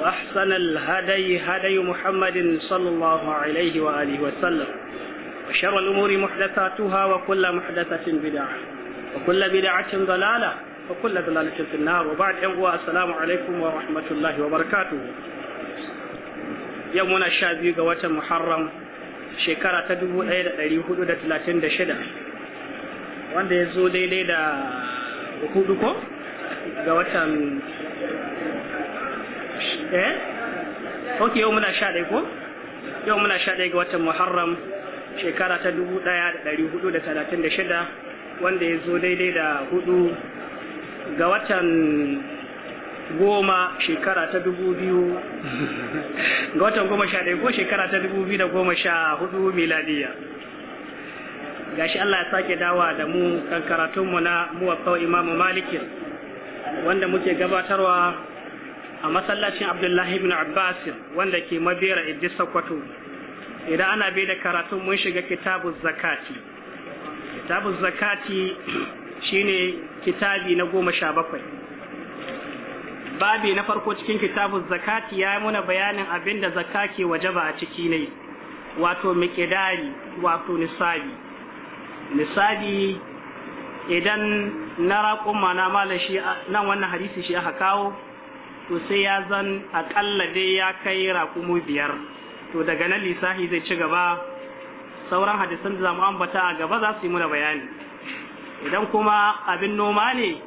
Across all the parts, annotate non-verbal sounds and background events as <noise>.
وأحسن الهدي هدي محمد صلى الله عليه وآله وسلم وشر الأمور محدثاتها وكل محدثة بدعة وكل بدعة ضلالة وكل ضلالة في النار وبعد أهو السلام عليكم ورحمة الله وبركاته يومنا الشابي قوة محرم شكرة تدبو ليلة ليهود دا تلاتين دا شدا وان دا يزو ليلة دا وكودكو قوة eh ok yau muna sha ɗaya ko yau muna sha ɗaya ga watan muharram shekara ta dubu ɗaya da ɗari hudu da talatin da shida wanda ya zo daidai da hudu ga watan goma shekara ta dubu biyu ga watan goma sha ɗaya ko shekara ta dubu biyu da goma sha hudu miladiya gashi Allah ya sake dawa da mu kan karatunmu na muwaffaq imamu malikin wanda muke gabatarwa a masallacin abdullahi ibn abbas wanda ke mabera idris sokoto idan ana bai da karatun mun shiga kitabu zakati kitabu zakati <clears throat> shine kitabi na goma sha bakwai babi na farko cikin kitabu zakati ya yi muna bayanin abin da zaka ke wajaba a ciki ne wato mikidari wato nisabi nisabi idan na raƙon mana mala shi nan wannan hadisi shi aka kawo to sai ya zan akalla dai ya kai raƙumu biyar to daga nan lissafi zai ci gaba sauran hadisan da zamu ambata a gaba za su yi muna bayani idan kuma abin noma ne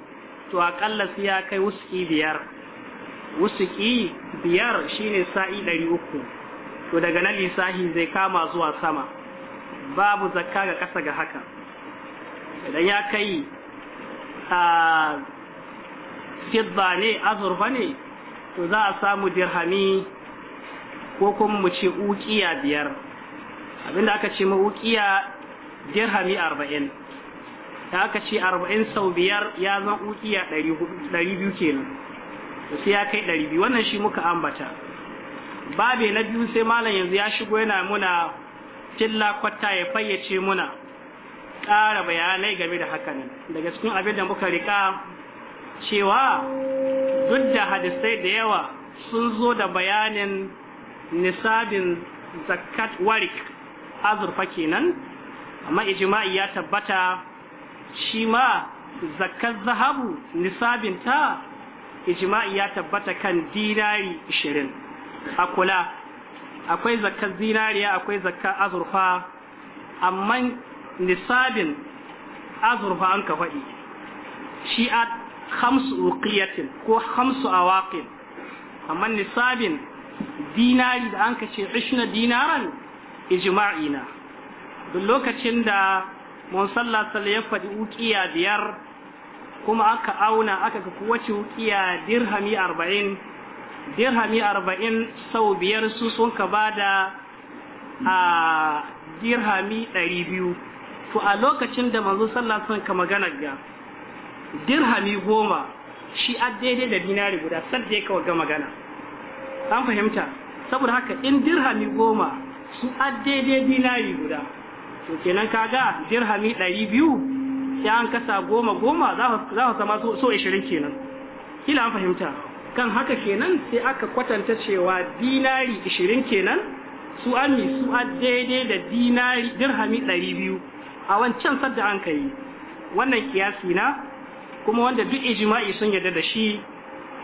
to akalla sai ya kai wuski biyar wuski biyar shine sa'i ɗari uku to daga nan lissafi zai kama zuwa sama babu zakka ga ƙasa ga haka idan ya kai a ah, fidda ne azurfa ne to za a samu dirhami ko kuma mu ce ukiya biyar abinda aka ce ukiya dirhami arba'in da aka ce arba'in sau biyar ya zan ukiya ɗari biyu kenan sai ya kai ɗari biyu wannan shi muka ambata babe na biyu sai malam yanzu ya shigo yana muna tilla kwata ya fayyace muna ƙara bayanai game da hakanan daga cikin abin da muka riƙa cewa duk da hadisai da yawa sun zo da bayanin nisabin zakat warik azurfa kenan amma ijma'i ya tabbata shi ma zakat zahabu nisabin ta ijma'i ya tabbata kan dinari 20 a kula akwai zakat zinariya akwai zakat azurfa amma nisabin azurfa an ka faɗi shi a hamsu uqiyatin ko hamsu awaqin amma nisabin dinari da an ce ishna dinaran ijma'i na duk lokacin da mun sallah sallah ya faɗi uqiya biyar kuma aka auna aka ga kowace uqiya dirhami 40 dirhami arba'in sau biyar su sun ka bada a dirhami 200 to a lokacin da manzo sallah sun ka magana ga dirhami goma shi a daidai da dinari guda sadda ya kawo ga magana an fahimta saboda haka in dirhami goma su a daidai dinari guda to kenan kaga dirhami ɗari biyu sai an kasa goma goma za ku sama so ashirin kenan kila an fahimta kan haka kenan sai aka kwatanta cewa dinari ashirin kenan su an yi su a daidai da dinari dirhami ɗari biyu a wancan sadda an kai wannan kiyasi na kuma wanda duk ijma'i sun yarda da shi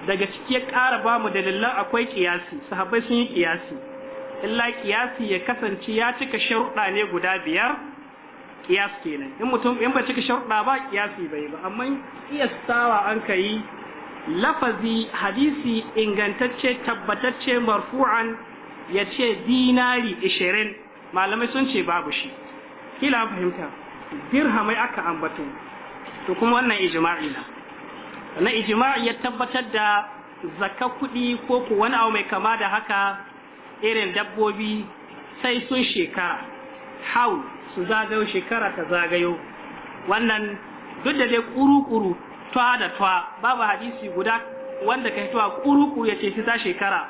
daga ciki ya ƙara ba mu dalilan akwai kiyasi sahabbai sun yi kiyasi illa kiyasi ya kasance ya cika sharuɗa ne guda biyar kiyas kenan in mutum in ba cika sharuɗa ba kiyasi bai ba amma kiyastawa an yi lafazi hadisi ingantacce tabbatacce marfu'an ya ce dinari 20 malamai sun ce babu shi kila fahimta dirhamai aka ambato to kuma wannan ijma'i na wannan ijma'i ya tabbatar da zakka kudi ko ku wani abu mai kama da haka irin dabbobi sai sun shekara hau su zagayo shekara ta zagayo wannan duk da dai kuru-kuru da twa babu hadisi guda wanda ka hitowa kuru-kuru ya ce ta shekara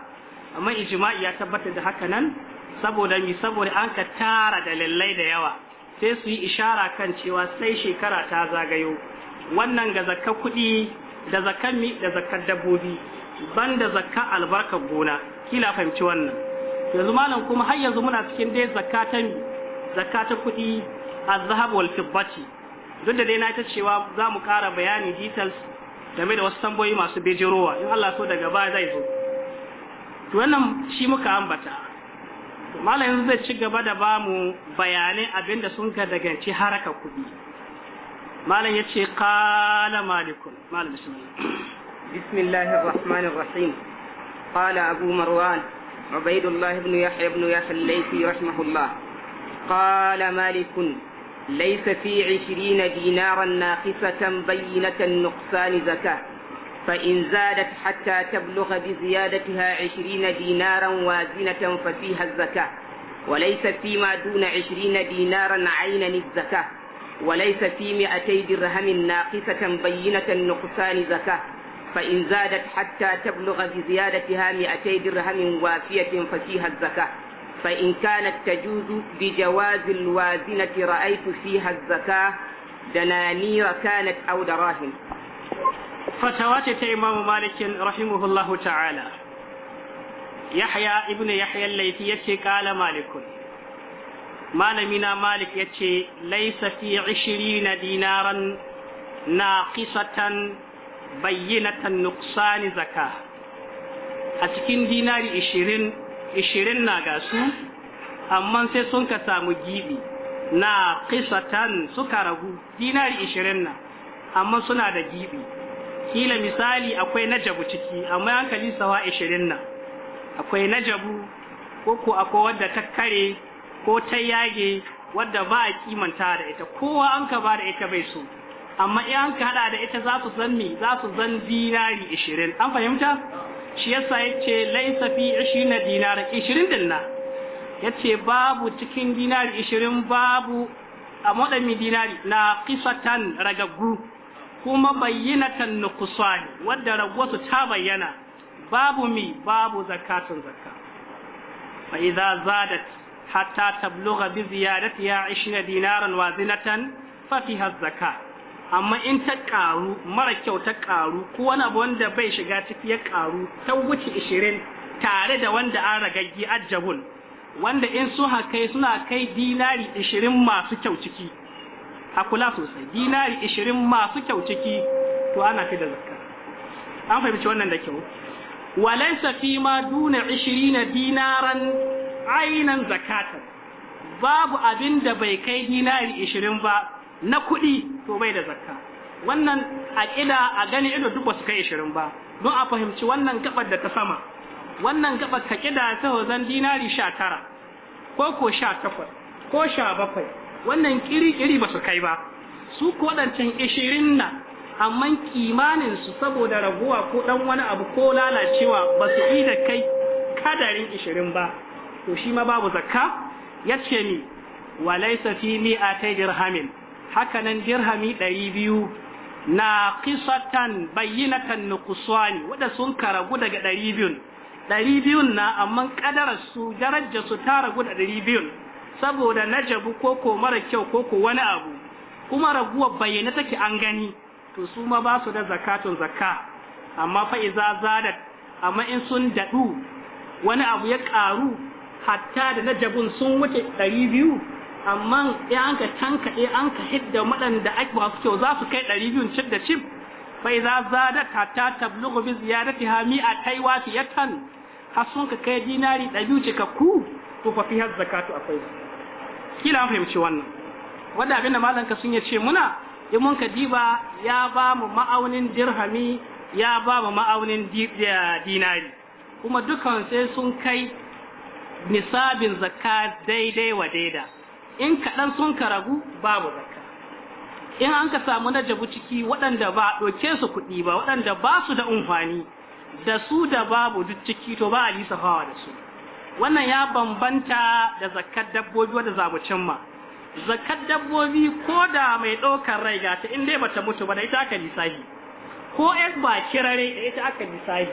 amma ijma'i ya tabbatar da haka nan saboda mi saboda an ka tara dalilai da yawa sai su yi ishara kan cewa sai shekara ta zagayo wannan ga zakka kuɗi da zakkan mi da zakkan dabbobi ban zakka albarkar gona kila fahimci wannan yanzu malam kuma har yanzu muna cikin dai zakka ta zakka ta kuɗi azhab wal fiddati duk da dai na ta cewa za mu ƙara bayani details game da wasu tambayoyi masu bejerowa in Allah so daga baya zai zo to wannan shi muka ambata malam yanzu zai ci gaba da ba mu bayanai abinda sun ga daga ci haraka kuɗi malam ya ce kala malikun malam bismillah bismillahir rahmanir rahim qala abu marwan ubaidullah ibn yahya ibn yahya al-laythi rahimahullah qala malikun laysa fi 20 dinaran naqisatan bayyinatan nuqsan zakah فإن زادت حتى تبلغ بزيادتها عشرين دينارا وازنة ففيها الزكاة وليس فيما دون عشرين دينارا عينا الزكاة وليس في مئتي درهم ناقصة بينة نقصان زكاة فإن زادت حتى تبلغ بزيادتها مئتي درهم وافية ففيها الزكاة فإن كانت تجوز بجواز الوازنة رأيت فيها الزكاة دنانير كانت أو دراهم fatawa ce ta imamu malikin rahimahullahu ta'ala yahya ibn yahya laifi ya ce kala malikun malamina malik ya ce laisa fi ishiri na dinaran na kisatan bayyanatan nuksani zaka a cikin dinari ishirin ishirin na gasu amma sai sun ka samu gibi na kisatan suka ragu dinari ishirin na amma suna da gibi kila misali akwai najabu ciki amma hankali sawa 20 na akwai najabu ko ko akwai wadda ta kare ko ta yage wadda ba a kimanta da ita kowa an ka ba da ita bai so amma in an ka hada da ita za su zan me za su zan dinari 20 an fahimta shi yasa yace laisa fi 20 dinar 20 dinna yace babu cikin dinari 20 babu a madami dinari na qisatan ragaggu kuma bayyinatan nuqsan wanda ragwatu ta bayyana babu mi babu zakatun zakka fa idza zadat hatta tablugha bi ziyadatiha 20 dinaran wazinatan fa fiha zakka amma in ta karu mara kyau ta karu ko wani abu wanda bai shiga ciki ya karu ta wuce 20 tare da wanda an ragaggi ajabun, wanda in su haka suna kai dinari 20 masu kyau ciki a kula sosai dinari ishirin masu kyau ciki to ana fi da zakka an fahimci wannan da kyau walaysa fi ma duna ishirina dinaran ainan zakatan babu abin da bai kai dinari ishirin ba na kuɗi to bai da zakka wannan aqida a gani ido duk su kai ishirin ba don a fahimci wannan gabar da ta sama wannan gabar ka kida ta wazan dinari 19 ko ko 18 ko 17 wannan kiri-kiri ba su kai ba su ko waɗancan ishirin na amma kimanin su saboda raguwa ko dan wani abu ko lalacewa ba su yi da kai kadarin ishirin ba to shi ma babu zakka ya ce mi walaisa fi atai dirhamin haka nan dirhami ɗari biyu na qisatan bayyinatan nukuswani wadda sun karagu daga ɗari biyun na amma ƙadararsu su darajar su ta ragu da ɗari saboda najabu ko ko mara kyau ko ko wani abu kuma raguwar bayyana take an gani to su ma ba su da zakatun zakka amma fa iza zadat amma in sun dadu wani abu ya karu hatta da najabun sun wuce 200 amma in an ka tanka in an ka hidda da ake ba su kyau za su kai 200 cin da cif fa iza zadat hatta tablughu bi ziyadatiha mi'atai wafiyatan har sun ka kai dinari 200 cikakku to fa fi zakatu akwai kila an fahimci wannan wanda abinda malam sun ya ce muna in mun ka diba ya ba mu ma'aunin dirhami ya ba mu ma'aunin dinari kuma dukan sai sun kai nisabin zakka daidai wa daida in kaɗan sun ka ragu babu zakka in an ka samu na jabu ciki waɗanda ba ɗauke su kuɗi ba waɗanda ba su da umfani da su da babu duk ciki to ba a lisafawa da su wannan ya bambanta da zakar dabbobi wanda za mu cimma zakar dabbobi ko da mai ɗaukar rai ga ta in dai bata mutu ba da ita aka lissafi ko es ba kirare da ita aka lissafi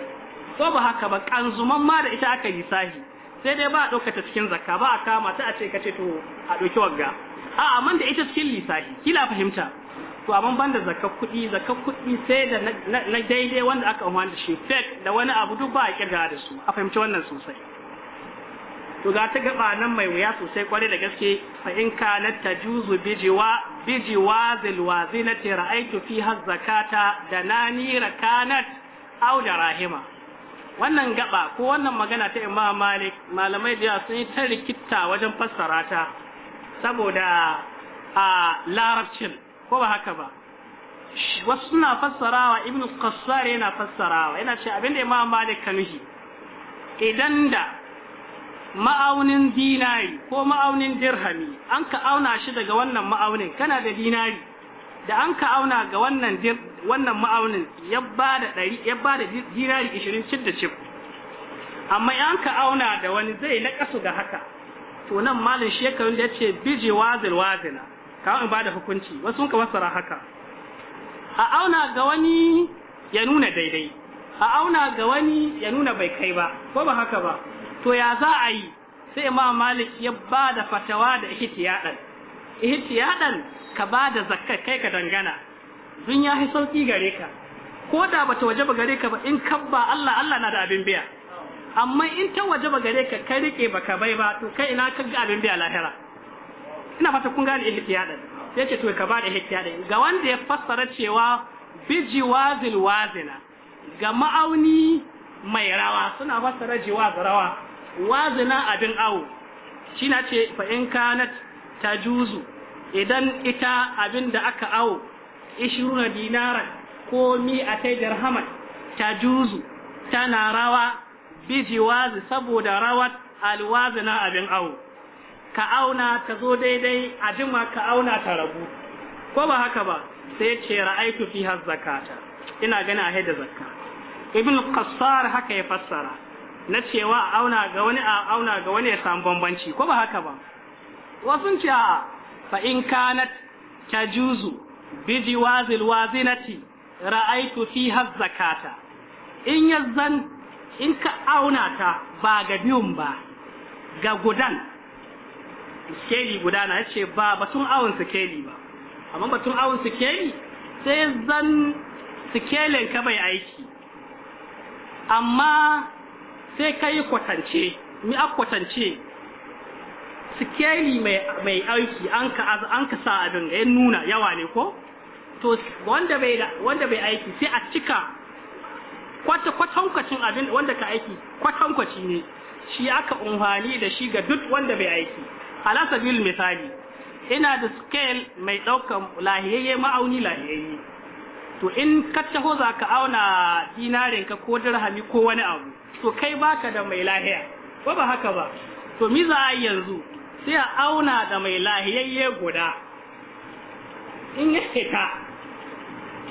ko ba haka ba kanzuman ma da ita aka lissafi sai dai ba a ɗauka ta cikin zakka ba a kama ta a ce kace to a ɗauki wagga a amma da ita cikin lissafi kila fahimta to amma banda zakka kuɗi zakka kuɗi sai da na daidai wanda aka umarni da shi fake da wani abu duk ba a kirga da su a fahimci wannan sosai to za ta gaba nan mai wuya sosai kwarai da gaske fa in kanat tajuzu bijiwa bijiwa zilwazinati ra'aytu fiha zakata da nani rakanat aw da rahima wannan gaba ko wannan magana ta Imam Malik malamai da sun yi ta rikitta wajen fassara ta saboda a larabcin ko ba haka ba wasu suna fassarawa ibn qassar yana fassarawa yana ce abinda Imam Malik kanuhi idan da ma'aunin dinari ko ma'aunin dirhami an ka auna shi daga wannan ma'aunin kana da dinari da an ka auna ga wannan wannan ma'aunin ya ba da ɗari ya ba da dinari ishirin cif da cif amma an ka auna da wani zai na kasu ga haka to nan malin shekarun da ya ce bije wazil wazina kawai in ba da hukunci wasu ka masara haka a auna ga wani ya nuna daidai a auna ga wani ya nuna bai kai ba ko ba haka ba to ya za a yi sai ma malik ya ba da fatawa da ihtiyadan ihtiyadan ka ba da zakka kai ka dangana dun ya fi sauki gare ka ko da ba ta waje ba gare ka ba in kabba Allah Allah na da abin biya amma in ta waje ba gare ka kai rike baka bai ba to kai ina ka ga abin biya lahira ina fata kun gane ihtiyadan yace to ka ba da ihtiyadan ga wanda ya fassara cewa bijiwazil wazina ga ma'auni mai rawa suna fassara jiwaz rawa wazina abin awo shi na ce fa'in kanat ta juzu idan ita abin da aka awo ishiru dinaran ko mi a tai dirhaman ta juzu tana rawa biji wazi saboda rawar alwazina abin awo ka auna ta zo daidai a jima ka auna ta rabu ko ba haka ba sai ce ra'aitu fi har zakata ina gani a haida zakka ibn qassar haka ya fassara na cewa a auna ga wani a auna ga wani ya samu bambanci ko ba haka ba wasu ce a fa in ta juzu bi jiwazil wazinati ra'aitu fi zakata in yazan in ka auna ta ba ga biyun ba ga gudan keli guda na ce ba batun awon keli ba amma batun awon keli sai zan kelen ka bai aiki amma sai ka yi kwatance mi a kwatance sikeli mai aiki an ka sa abin ya nuna yawa ne ko to wanda bai aiki sai a cika kwatankwacin abin wanda ka aiki kwatankwaci ne shi aka umfani da shi ga duk wanda bai aiki alasabil misali ina da scale mai daukan lahiyayye ma'auni lahiyayye to in ka taho za ka auna dinarinka ko dirhami ko wani abu to kai baka da mai lahiya ko ba haka ba to mi za a yi yanzu sai a auna da mai lahiyayye guda in ya fita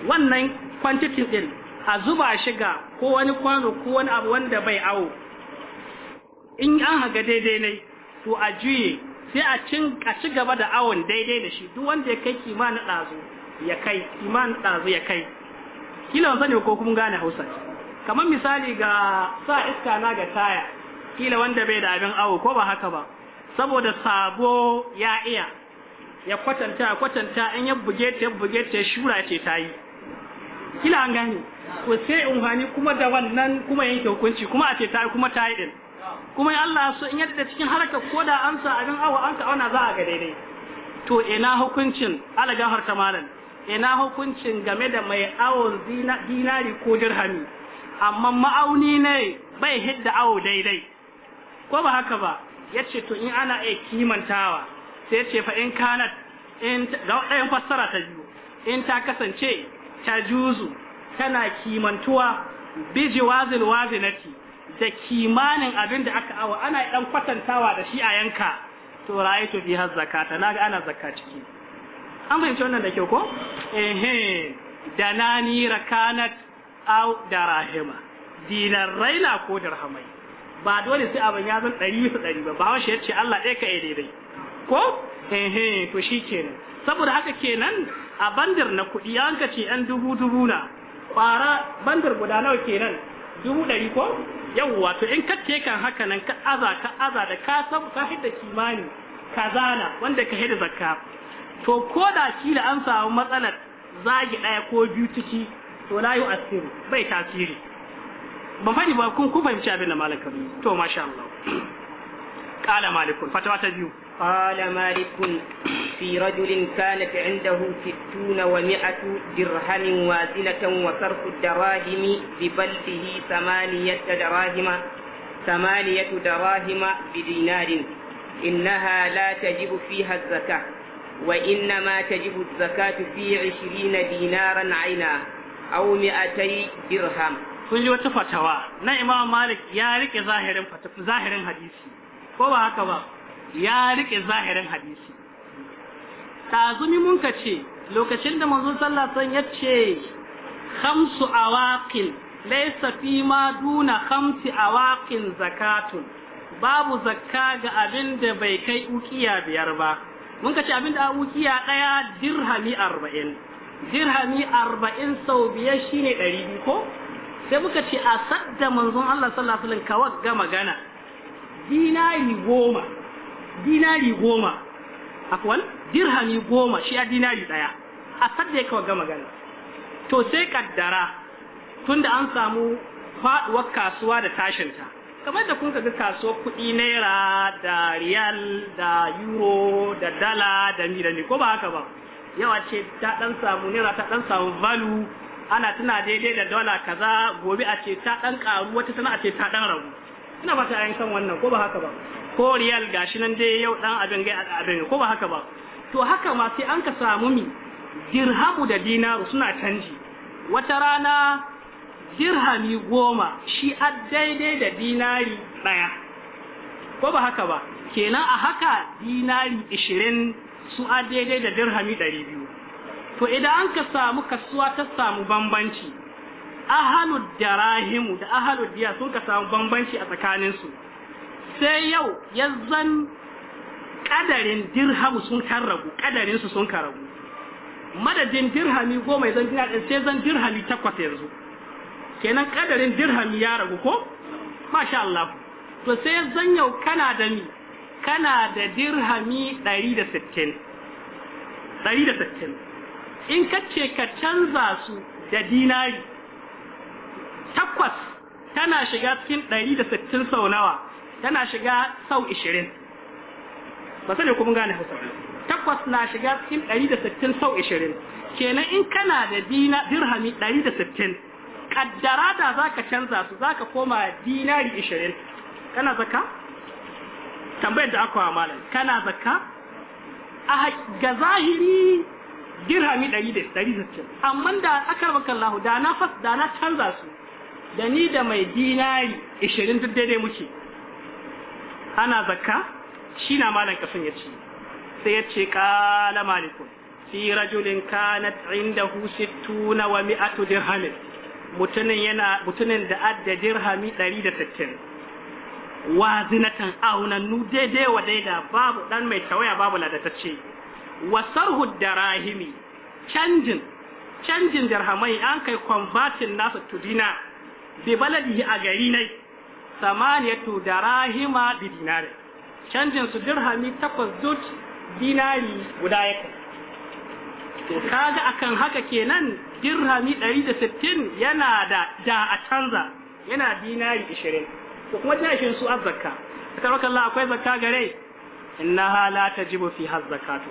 wannan kwantitin din a zuba shiga ko wani kwano ko wani abu wanda bai awo in an haga daidai ne to a juye sai a cin a ci gaba da awon daidai da shi duk wanda ya kai kimanin ɗazu ya kai kimanin ɗazu ya kai kila ne ko kun gane hausa kamar misali ga sa iska na ga taya kila wanda bai da abin awo ko ba haka ba saboda sabo ya iya ya kwatanta kwatanta in ya buge ta ya buge ta shura ce ta yi kila an gani ko sai in hani kuma da wannan kuma yanke hukunci kuma a ce ta yi kuma ta yi din kuma Allah so in yadda cikin haraka ko da an sa abin awo an ka auna za a ga daidai to ina hukuncin alaga harta malam ina hukuncin game da mai awon dinari ko dirhami amma ma'auni ne bai hidda awo daidai ko ba haka ba yace to in ana iya kimantawa sai yace fa in kana in ɗayan fassara ta biyu in ta kasance ta juzu tana kimantuwa bi jiwazil wazinati da kimanin abin da aka awo ana ɗan kwatantawa da shi a yanka to to fi zakata ga ana zakka ciki an fahimci wannan da kyau ko ehe danani rakanat aw darahima dinar raina ko dirhamai ba dole sai abin ya zan ɗari ɗari ba ba shi ya Allah ɗaya ka yi daidai ko ehe to shi kenan saboda haka kenan a bandar na kuɗi an ka ce yan dubu dubu na fara bandar guda nawa kenan dubu ɗari ko yawwa to in ka kan haka nan ka aza ka aza da ka san ka hidda kimani kazana wanda ka hidda zakka to ko da kila an samu matsalar zagi ɗaya ko biyu ciki ولا يؤثر بي تأثيري بفاني بكون كوفا يمشي مالك تو ما شاء الله قال مالك فتوى تجيو قال مالك في رجل كانت عنده ستون ومائة درهم وازنة وصرف الدراهم ببلده ثمانية دراهم ثمانية دراهم بدينار إنها لا تجب فيها الزكاة وإنما تجب الزكاة في عشرين دينارا عينا aw mi'atai dirham kun ji wata fatawa na imam malik ya rike zahirin zahirin hadisi ko ba haka ba ya rike zahirin hadisi zumi mun ka ce lokacin da manzon sallallahu alaihi wasallam ya ce khamsu awaqil laysa fi ma duna khamsi awaqin zakatun babu zakka ga abin da bai kai ukiya biyar ba mun ka ce abin da ukiya daya dirhami arba'in dirhami arba'in sau biyar shi ne ɗari biyu ko sai muka ce a sadda manzon Allah sallallahu alaihi wasallam ga magana dinari goma dinari goma akwai dirhami goma shi a dinari ɗaya a sadda ya kawai ga magana to sai kaddara tunda an samu faɗuwar kasuwa da tashinta kamar da kun ga kasuwar kuɗi naira da riyal da euro da dala da mi da ko ba haka ba yawa ce ta dan samu naira ta dan samu value ana tana daidai da dola kaza gobe a ce ta dan karu wata sana'a ce ta dan ragu ina ba ta yin kan wannan ko ba haka ba ko riyal gashi nan dai yau dan abin gai abin ko ba haka ba to haka ma sai an ka samu mi dirhamu da dinaru suna canji wata rana dirhami goma shi a daidai da dinari daya ko ba haka ba kenan a haka dinari ishirin su a daidai da dirhami 200 to idan an ka samu kasuwa ta samu bambanci ahalud darahimu da ahalud diya sun ka samu bambanci a tsakaninsu sai yau zan kadarin dirhamu sun kan ragu sun kan ragu madadin dirhami goma yanzu dina ɗin sai zan dirhami takwas yanzu kenan kadarin dirhami ya ragu ko masha Allah to sai zan yau kana da ni kana da dirhami da sittin in ka ce ka canza su da dinari takwas tana shiga cikin da sittin sau nawa tana shiga sau ishirin ba da kuma gane hausa takwas na shiga cikin da sittin sau ishirin kenan in kana da dirhami da sittin kaddara da za ka canza su za ka koma dinari ishirin kana zaka tambayar da aka malam kana zakka a ga zahiri dirhami 160 amma da aka baka Allah da na fas da na canza su da ni da mai dinari 20 duk daidai muke ana zakka shi na malam kasan ya ce sai ya ce kala malikun fi rajulin kanat indahu 60 wa mi'atu dirhamin mutumin yana mutumin da adda dirhami 160 wazinatan aunannu daidai wa daida babu dan mai tawaya babu ladatacce wasarhu darahimi canjin canjin dirhamai an kai konvertin nasu to dinar bi baladihi a gari nai samaniyatu darahima bi dinari canjin su dirhami takwas dot dinari guda yake to kaga akan haka kenan dirhami 160 yana da da a canza yana dinari 20 ko kuma tana shi su azzaka tabaraka Allah akwai zakka gare innaha la tajibu fi hazzakatu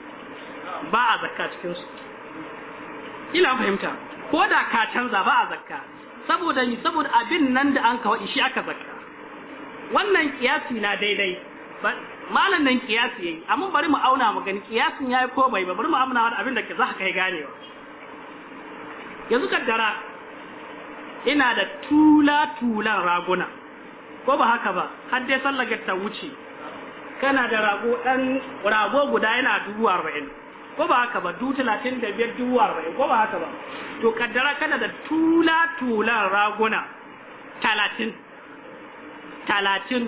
ba a zakka cikin su ila fahimta ko da ka canza ba a zakka saboda ni saboda abin nan da an kawai shi aka zakka wannan kiyasi na daidai malam nan kiyasi yayi amma bari mu auna mu gani kiyasin yayi ko bai ba bari mu amna da abin da ke za kai kai ganewa yanzu kaddara ina da tula tulan raguna ko ba haka ba har dai sallar ta wuce kana da rago dan rago guda yana dubu arba'in ko ba haka ba dubu talatin da biyar dubu arba'in ko ba haka ba to kaddara kana da tula tulan raguna talatin talatin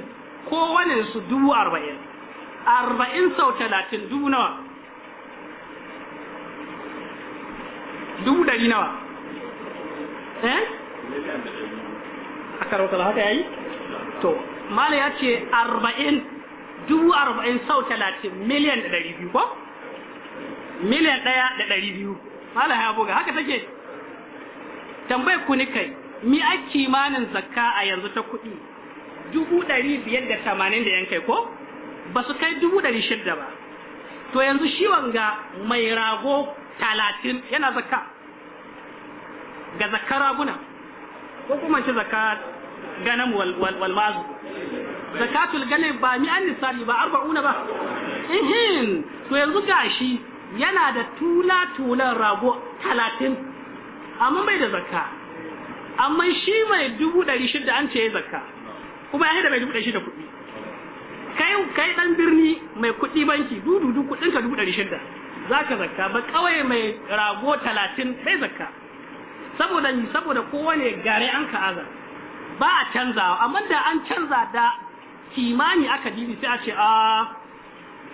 kowane su dubu arba'in arba'in sau talatin dubu nawa dubu dari nawa eh a karautar haka yayi to mala ya ce arba'in dubu arba'in sau talatin miliyan da 200 biyu ko miliyan ɗaya da ɗari biyu mala ya buga haka take tambayi ku ni kai mi ake imanin zakka a yanzu ta kuɗi dubu biyar da tamanin da yankai ko ba su kai dubu ba to yanzu shi wanga mai rago talatin yana zakka ga zakka raguna ko kuma ce zakka ganam wal wal wal maz zakatul ganam ba mi an nisabi ba 40 ba ihin to yanzu gashi yana da tula tulan rago 30 amma bai da zakka amma shi mai 600 an ce zakka kuma ya da mai 600 kuɗi kai kai dan birni mai kuɗi banki dudu du kuɗin ka 600 zaka zakka ba kawai mai rago 30 sai zakka saboda saboda kowane gare an ka azar ba a canzawa amma da an canza da kimani aka dibi sai a ce a ah,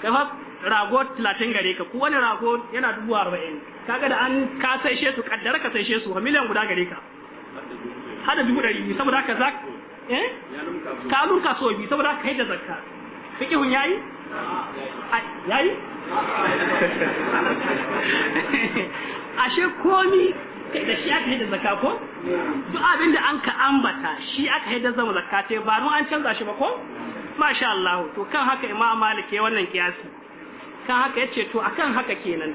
kafa rago talatin gare ka ko wani rago yana dubu arba'in kaga da an ka sai she su kaddar ka sai she su miliyan guda gare ka hada dubu ɗari biyu saboda ka zak eh ka ka so biyu saboda ka yadda zakka hun yayi yayi <laughs> ashe komi da shi aka haida zaka ko duk abin da an ka ambata shi aka haida zama zaka ta ba an canza shi ba ko masha Allah to kan haka Imam Malik ya wannan kiyasi kan haka yace to akan haka kenan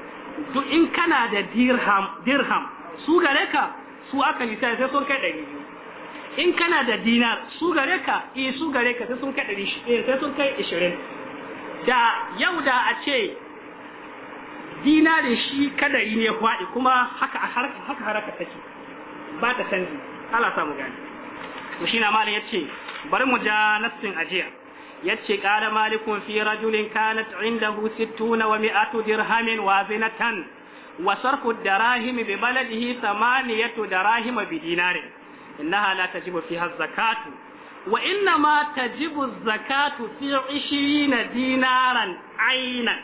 duk in kana da dirham dirham su gare ka su aka yi sai sun kai dari. in kana da dinar su gare ka eh su gare ka sai sun kai dari eh sai sun kai 20 da yau da a ce dinare shi kadari ne faɗi kuma haka haka haraka take ba ta canji Allah samu gani to shi na malam yace bari mu ja nassin ajiya yace qala malikun fi rajulin kanat indahu 60 wa mi'atu dirhamin wa zinatan wa sarfu darahim bi baladihi thamaniyatu darahim bi dinari innaha la tajibu fiha zakatu wa inna ma tajibu zakatu fi 20 dinaran aynan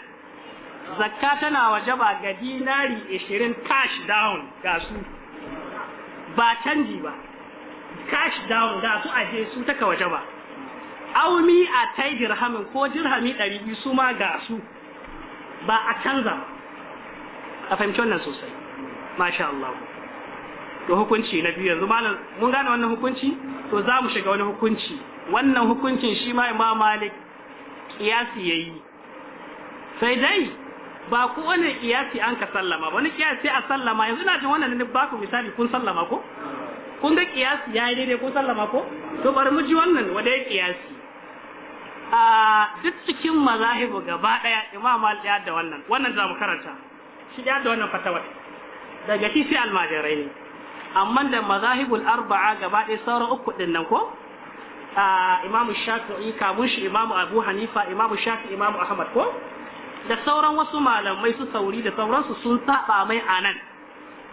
zakka tana wajaba ga dinari 20 cash down ga su ba canji ba cash down ga su aje su taka wajaba aumi a tai dirhamin ko dirhami 200 su ma ga su ba a canza a fahimci wannan sosai masha Allah to hukunci na biyu yanzu malam mun gane wannan hukunci to za mu shiga wani hukunci wannan hukuncin shi ma imam malik kiyasi yayi sai dai ba ku wani kiyasi an ka sallama wani kiyasi a sallama yanzu ina jin wannan ne ba ku misali kun sallama ko kun ga kiyasi ya yi daidai kun sallama ko to bari mu ji wannan wanda ya kiyasi a duk cikin mazahibu gaba daya imam al ya da wannan wannan za mu karanta shi ya da wannan fatawa daga shi sai almajirai ne amma da mazahibul arba'a gaba daya sauran uku din nan ko imam shafi'i kamun shi imam abu hanifa imam shafi'i imam ahmad ko da sauran wasu malamai su sauri da sauransu sun saba mai anan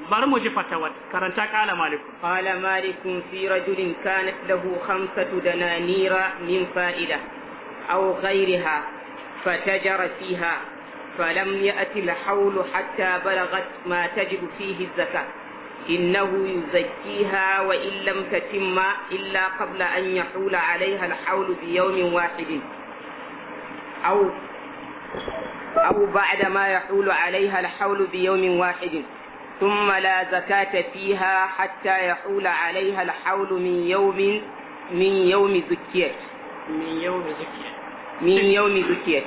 bari mu ji fatawar karanta kala malikun kala malikun fi rajulin kanat lahu khamsatu dananira min fa'ida aw ghayriha fatajara fiha falam ya'ti al hatta balagat ma tajibu fihi az-zakah إنه يزكيها وإن لم تتم إلا قبل أن يحول عليها الحول بيوم واحد أو أو بعد ما يحول عليها الحول بيوم واحد ثم لا زكاة فيها حتى يحول عليها الحول من يوم من يوم زكيت من يوم زكيت من يوم زكيت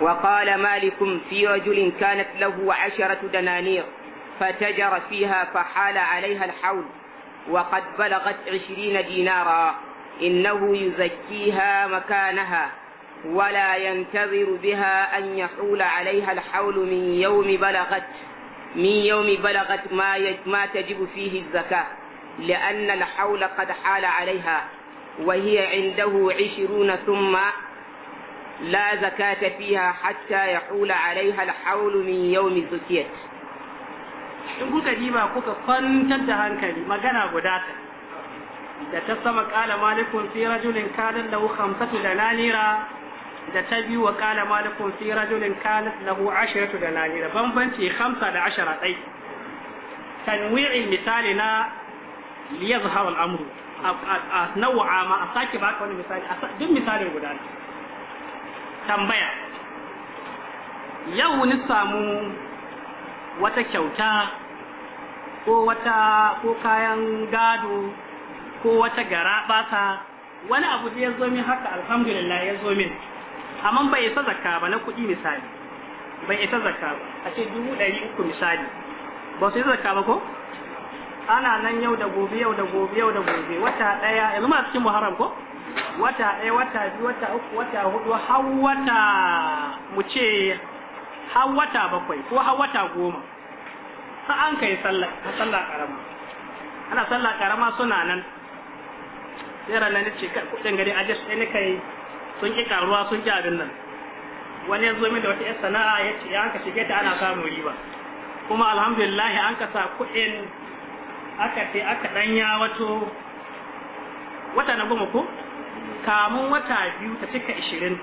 وقال مالك في رجل كانت له عشرة دنانير فتجر فيها فحال عليها الحول وقد بلغت عشرين دينارا إنه يزكيها مكانها ولا ينتظر بها أن يحول عليها الحول من يوم بلغت من يوم بلغت ما ما تجب فيه الزكاة لأن الحول قد حال عليها وهي عنده عشرون ثم لا زكاة فيها حتى يحول عليها الحول من يوم زكيت in kuka diba kuka kwantar da hankali magana guda ta da ta sama kala malikun fi rajulin kanan lahu da ta biyu wa kala malikun fi rajulin kanat lahu ashratu dalali bambanci khamsa da ashara dai tanwi'i misali na li yazhara al-amru a nawa'a ma a sake baka wani misali duk misalin guda tambaya yau ni samu wata kyauta ko wata ko kayan gado ko wata gara bata wani abu da ya zo min haka alhamdulillah ya zo min amma bai isa zakka ba na kuɗi misali bai isa zakka ba a ce dubu ɗari uku misali ba su yi zakka ba ko ana nan yau da gobe yau da gobe yau da gobe wata ɗaya yanzu ma cikin muharram ko wata ɗaya wata biyu wata uku wata hudu har wata mu ce har wata bakwai ko har wata goma sai an kai sallah sallah karama ana sallah karama suna nan sai ranar ce kudin gari aje su ɗaya kai sun ki karuwa sun ki abin nan wani ya zo min da wata 'yan sana'a ya ce an ka shige ta ana samun riba kuma alhamdulillah an ka sa kuɗin aka ce aka ɗanya wato wata na goma ko kamun wata biyu ta cika ishirin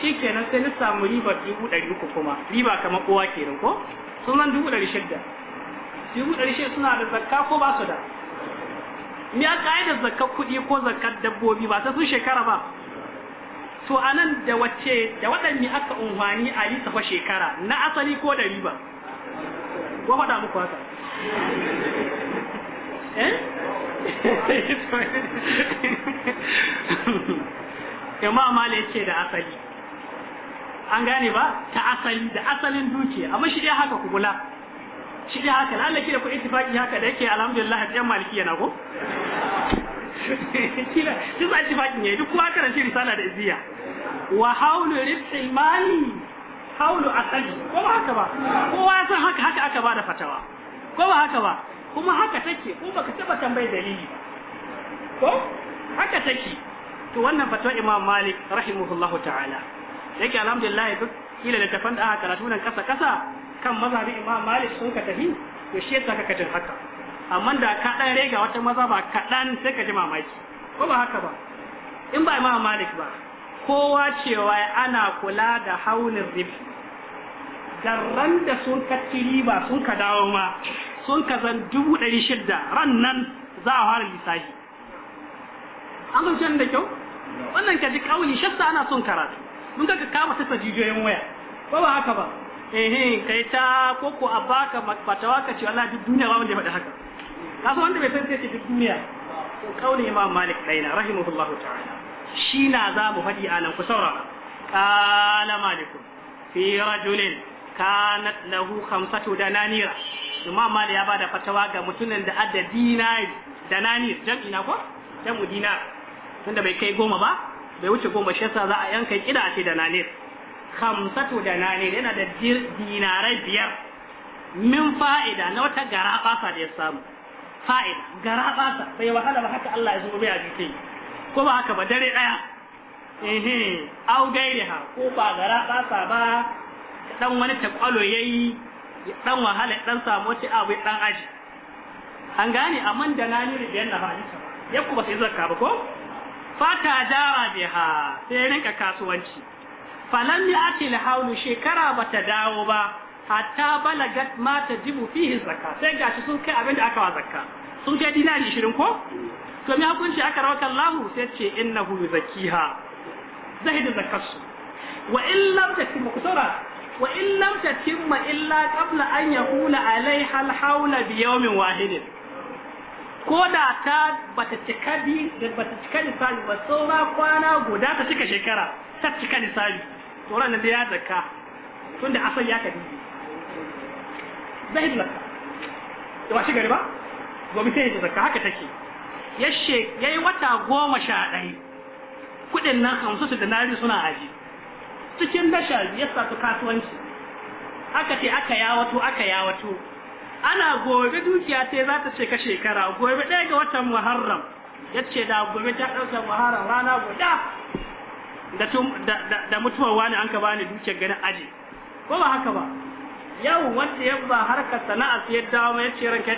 shi kenan sai na samu riba dubu ɗari uku kuma riba kamar kowa kenan ko sunan dubu ɗari shida. dubu ɗari shida suna da zakka ko ba su da ni a ƙa'idar zakkar kuɗi ko zakkar dabbobi ba ta sun shekara ba to a nan da wacce da waɗanne aka unhwani a yi tafa shekara na asali ko da riba ko faɗa muku haka <laughs> eh imam <laughs> ya ce da asali an gane ba ta asali da asalin dukiya amma shi dai haka ku kula shi dai haka Allah ke da ku ittifaqi haka da yake alhamdulillah ɗan maliki yana ko <laughs> kila duk ittifaqin yayi duk kowa karanta risala da iziya wa haulu rif'il mali haulu asali ko ba haka ba kowa ya san haka haka aka da fatawa ko ba haka ba kuma haka take ko baka taba tambayi dalili ko haka take to wannan fatawa Imam Malik rahimahullahu ta'ala yake alhamdulillah duk kila da tafan da aka karatu nan kasa kasa kan mazhabi Imam Malik sun ka tafi to shi yasa ka kaje haka amma da ka dan rega wata mazhaba kaɗan sai ka ji mamaki ko ba haka ba in ba Imam Malik ba kowa cewa ana kula da haulin rifi garran da sun ka riba sun ka dawo ma sun ka zan dubu ɗari shidda ran nan za a fara lissafi an zuci da kyau wannan ka ji kauli shasta ana son karatu mun ka kama sassa jijiyoyin waya ba ba haka ba eh kai ta koko a baka fatawa ka ce Allah duk duniya ba wanda ya faɗi haka kasu wanda bai san sai duk duniya ko kauli imam malik daina rahimahullahu ta'ala Shina na za mu faɗi a nan ku saurara qala malikun fi rajulin kanat lahu khamsatu dananira imam mali ya bada fatawa ga mutumin da adda dinari dananir jam'i jamu dinar tunda bai kai goma ba bai wuce goma shi yasa za a yanka kida ce dananir khamsatu dananir yana da dinarai biyar min fa'ida na wata gara basa da ya samu fa'ida gara basa bai wahala ba haka Allah ya zo bai a jikin ko ba haka ba dare daya ehe au ha ko ba gara ba sa ba dan wani takwalo yayi dan wahala dan samu wata abu dan aji an gane amman da nani ribiyan na halitta ya ku ba sai zaka ba ko fata jara biha sai rinka kasuwanci falan ya ati haulu shekara bata dawo ba hatta balagat mata jibu fihi zakka sai gashi sun kai abin da aka wa zakka sun kai dinari 20 ko to me hukunci aka rawaka Allah sai ce innahu yuzakkiha zahid zakasu wa in lam tatimma kusura wa in lam tatimma illa qabla an yaqula alaiha alhawla bi yawmin wahid ko da ta bata cika bi bata cika lisani ba tsora kwana guda ta cika shekara ta cika ni lisani to ran da ya zakka tunda asal ya kadi zahid zakka to ba shi gari ba gobe sai ya zakka haka take ya yi wata goma sha ɗaya kuɗin nan hamsin su dinari suna aji cikin tashar ya sa su kasuwanci aka ce aka yawato aka yawato ana gobe dukiya ta za ta ce ka shekara gobe ɗaya ga watan muharram ya ce da gobe ta ɗauka muharram rana guda da mutuwar wani an ka bani dukiyar ganin aji ko ba haka ba yau wanda ya ba harkar sana'a sai ya dawo mai ce ranka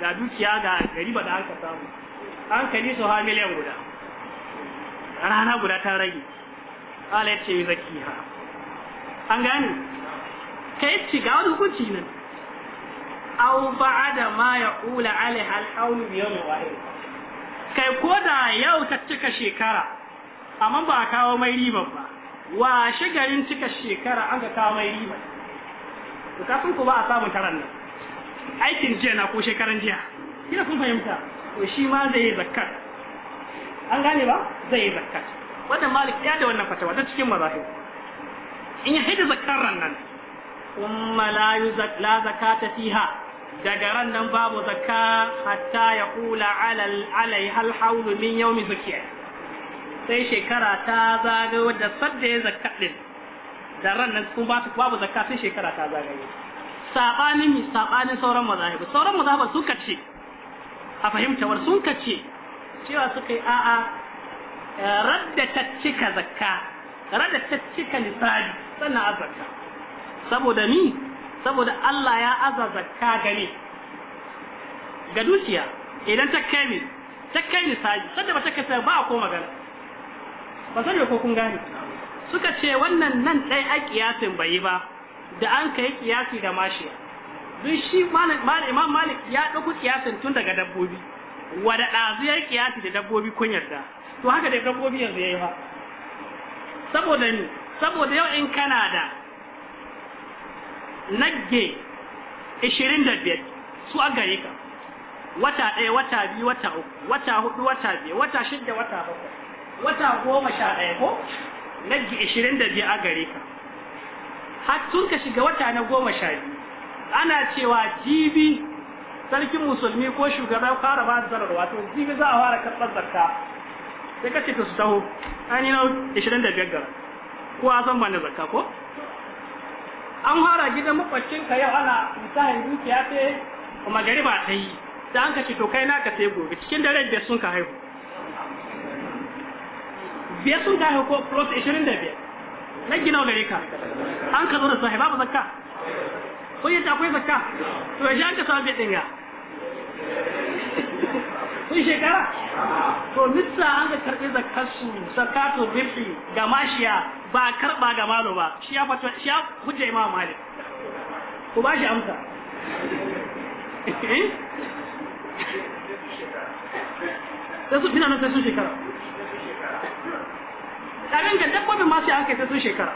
ga dukiya ga gari ba da an samu an kani su ha miliyan guda rana guda ta rage ala ya ce zaki ha an gani. ka yi ci ga wani hukunci nan au ba'ada ma ya ula ala halhaulu mai wahid kai ko da yau ta cika shekara amma ba a kawo mai riban ba wa shigarin cika shekara an ka kawo mai riban Ku kafin ku ba a samun taran nan aikin jiya na ko shekaran jiya kina kun fahimta to shi ma zai yi zakat an gane ba zai yi zakat wannan malik ya da wannan fatawa ta cikin mazahib in ya hidi zakar rannan kuma la yuzak la zakata fiha daga rannan babu zakka hatta ya kula alal alai hal haulu min yawmi zakiya sai shekara ta zaga da sadda ya zakat din da ran nan kuma babu zakka sai shekara ta zagayo sabanin mi sabanin sauran mazahib sauran mazahib suka ce a fahimtawar sun kace cewa suka yi a'a radda ta cika zakka radda ta cika lissafi sannan azaka. zakka saboda ni saboda Allah ya aza zakka ni ga dukiya idan ta kai ni ta kai lissafi sanda ba ta kai ba a ko magana ba sani ko kun gane suka ce wannan nan ɗaya a kiyasin bai yi ba da an kai kiyasi da mashiya duk shi imam malik ya ɗauko kiyasin tun daga dabbobi wada ɗazu ya kiyasi da dabbobi kun yarda to haka da dabbobi yanzu ya yi ba saboda ni saboda yau in kana da nagge 25 su an gare ka wata ɗaya wata biyu wata uku wata hudu wata biyu wata shidda wata bakwai wata goma sha ɗaya ko nagge 25 a gare ka har tun ka shiga wata na goma sha biyu ana cewa jibi sarkin musulmi ko shugaban fara ba da zarar wato jibi za a fara karɓar zakka sai ka ce ka su taho an yi na 25 gara ko a san ban zakka ko an fara gidan makwacin ka yau ana misahin dukiya ta kuma gari ba ta yi ta an ka ce to kai ka sai gobe cikin dare biyar sun ka haihu biyar sun ka haihu ko plus 25 na gina wani rika an ka zo da sahiba babu zakka ko yadda akwai zakka to ya ji an ka samu ɗin ya kun shekara to nissa an ka karɓi zakkarsu zakatu rifi ga mashiya ba karɓa ga malo ba shi ya fata shi ya hujja imam malik Ko ba shi amsa eh? sai su fina na sai sun shekara kagan ga dabbobin masu yanka sai sun shekara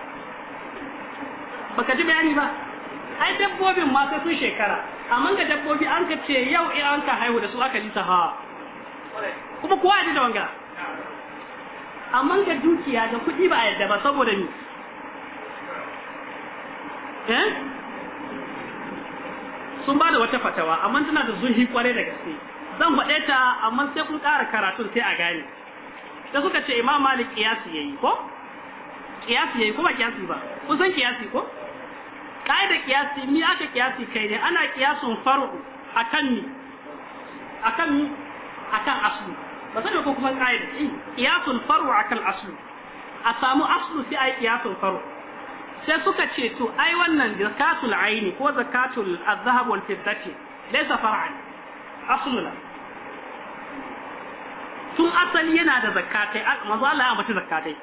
baka ji bayani ba ai dabbobin ma sai sun shekara amma ga dabbobi an ka ce yau in an ka haihu da su aka lisa ha kuma kowa ya da wanga amma ga dukiya da kuɗi ba a yadda ba saboda ni eh sun ba da wata fatawa amma tana da zuhi kwarai da gaske zan faɗe ta amma sai kun ƙara karatun sai a gane da suka ce imam malik kiyasi yayi ko kiyasi yayi ko ba kiyasi ba kun san kiyasi ko da kiyasi mi aka kiyasi kai ne ana kiyasun faru akan mi akan mi akan aslu ba sai ko kuma kaida eh, kiyasun faru akan aslu a samu aslu sai ai kiyasun faru sai suka ce to ai wannan zakatul aini ko zakatul azhab wal fiddati laysa far'an aslu la tun asali yana da zakatai manzo Allah ya ambata zakatai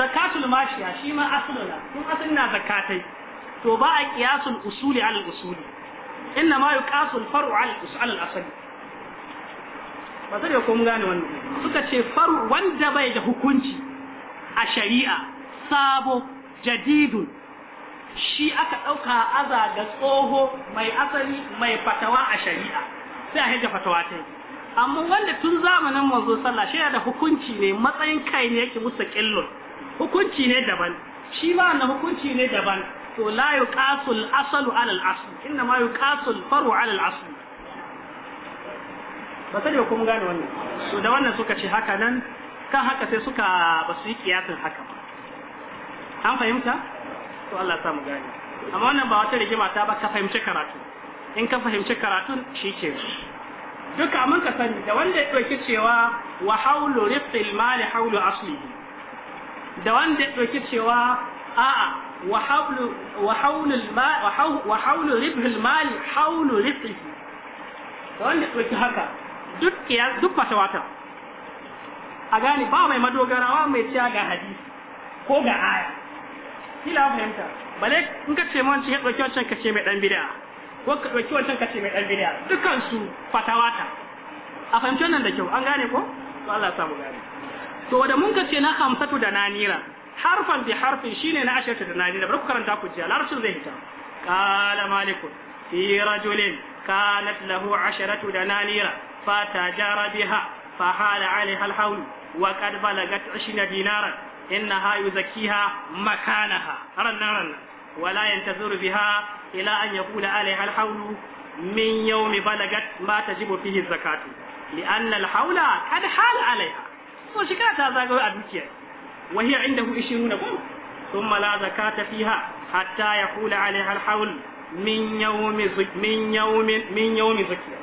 zakatul mashiya shi ma aslu la tun asali na zakatai to ba a qiyasul usuli ala usuli inna ma yuqasul far'u ala al asali ba sai ko mun gane wannan suka ce faru wanda bai da hukunci a shari'a sabo jadidun shi aka ɗauka aza da tsoho mai asali mai fatawa a shari'a sai a hijja fatawa ta amma wanda tun zamanin manzo sallah shi da hukunci ne matsayin kai ne yake musa killon hukunci ne daban shi ma na hukunci ne daban to la yuqasu al-aslu ala al-asl inna ma yuqasu al-faru ala al-asl ba sai kun gane wannan to da wannan suka ce haka nan kan haka sai suka ba su yi kiyasin haka ba an fahimta to Allah ya mu gane amma wannan ba wata rigima ta ba ka fahimci karatu in ka fahimci karatun shike duka mun ka sani da wanda ya dauki cewa wa haulu rifqil mali haulu aslihi da wanda ya dauki cewa a'a وحول وحول المال وحول ربح المال حول ربحه wanda ɗauki haka duk ya duk fashawata a gani ba mai madogarawa mai ciya ga hadisi ko ga aya kila fahimta bale in ka ce wancan ya ɗauki wancan ka ce mai ɗan bida ko ka ɗauki wancan ka ce mai ɗan bida dukkan su fatawata a fahimci wannan da kyau an gane ko to Allah ya samu gani to da mun ka ce na hamsatu da nanira حرفا بحرف شيني انا اشرت النادي بركو كرنتا كوجي على رسول زي قال مالك في رجل كانت له عشرة دنانير فتجار بها فحال عليها الحول وقد بلغت عشرين دينارا إنها يزكيها مكانها رن رن ولا ينتظر بها إلى أن يقول عليها الحول من يوم بلغت ما تجب فيه الزكاة لأن الحول قد حال عليها وشكرا تازاقوا أبوكيا وهي عنده عشرون بوم ثم لا زكاة فيها حتى يقول عليها الحول من يوم زك من يوم من يوم زكي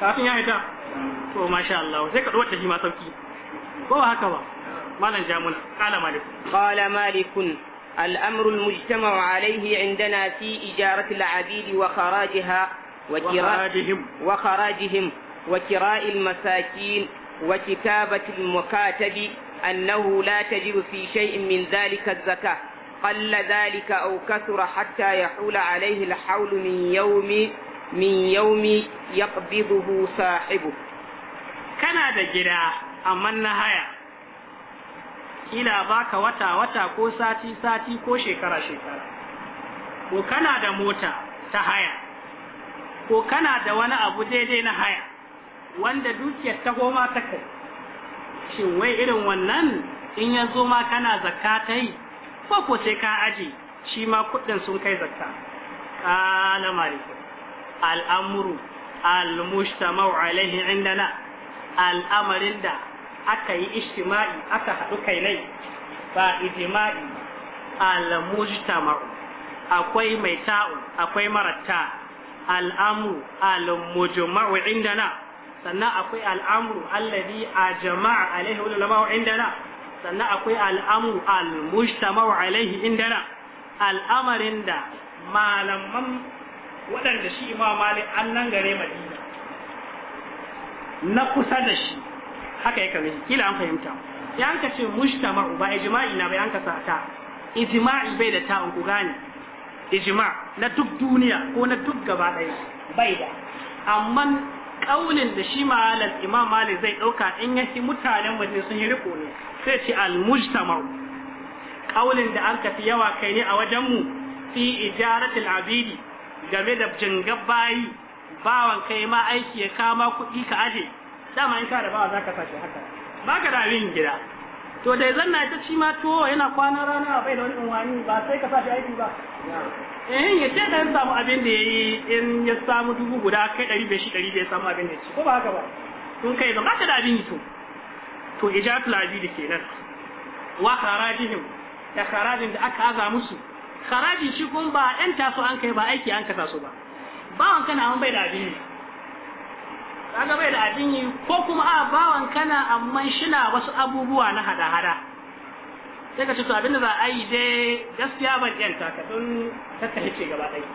kafin يا haita to masha Allah sai ka wata shi ma sauki ko haka ba malam قال مالك الأمر المجتمع عليه عندنا في إجارة العبيد وخراجها وخراجهم, وخراجهم وكراء المساكين وكتابة المكاتب أنه لا تجب في شيء من ذلك الزكاة قل ذلك أو كثر حتى يحول عليه الحول من يوم min yaumi yaqbiduhu sahibu kana da gida amma na haya ila baka wata wata ko sati sati ko shekara shekara ko kana da mota ta haya ko kana da wani abu daidai na haya wanda dukiyar ta goma ta shin wai irin wannan in ya zo ma kana zakka ta yi ko sai ka aje shi ma kuɗin sun kai zakka kala maliku al'amuru al-mustamau alaihi indana al'amarin da aka yi ishtima'i aka haɗu kai nai ba ijma'i al-mustamau akwai mai ta'u akwai maratta al'amru al-mujma'u indana sannan akwai al'amru alladhi ajma'a alaihi ulama indana sannan akwai al'amru al-mujtama'u alaihi indana al'amarin da malaman waɗanda shi imam malik annan gare madina na kusa da shi haka ya ne kila an fahimta ya ka ce mujtama'u ba ijma'i na bai an ka ta ijma'i bai da ta'un ku gane ijma' na duk duniya ko na duk gaba ɗaya bai da amma kaulin da shi ma'alar imam malik zai ɗauka in yace mutanen waje sun yi riko ne sai ce al mujtama'u kaulin da an fi yawa kai ne a wajen mu fi ijaratul abidi game da jingar bayi bawan kai ma aiki ya kama kuɗi ka aje dama in ka da bawa zaka sace haka ba ka da abin gida to da zan zanna ta ci ma tuwo yana kwana rana bai da wani unwani ba sai ka sa shi aiki ba eh ya ce da ya samu abin da yayi in ya samu dubu guda kai ɗari bai shi ɗari bai samu abin da ya ci ko ba haka ba tun kai ba ta da abin yi to to da ke nan wa harajihim da harajin da aka aza musu harajin shi kun ba yan taso an kai ba aiki an kasa su ba ba wankan abin bai da abin yi kaga bai da abin yi ko kuma a bawan kana amma shina wasu abubuwa na hada-hada sai ka ce to abin da za a yi dai gaskiya ban yan takatun don kaka hice gaba ɗaya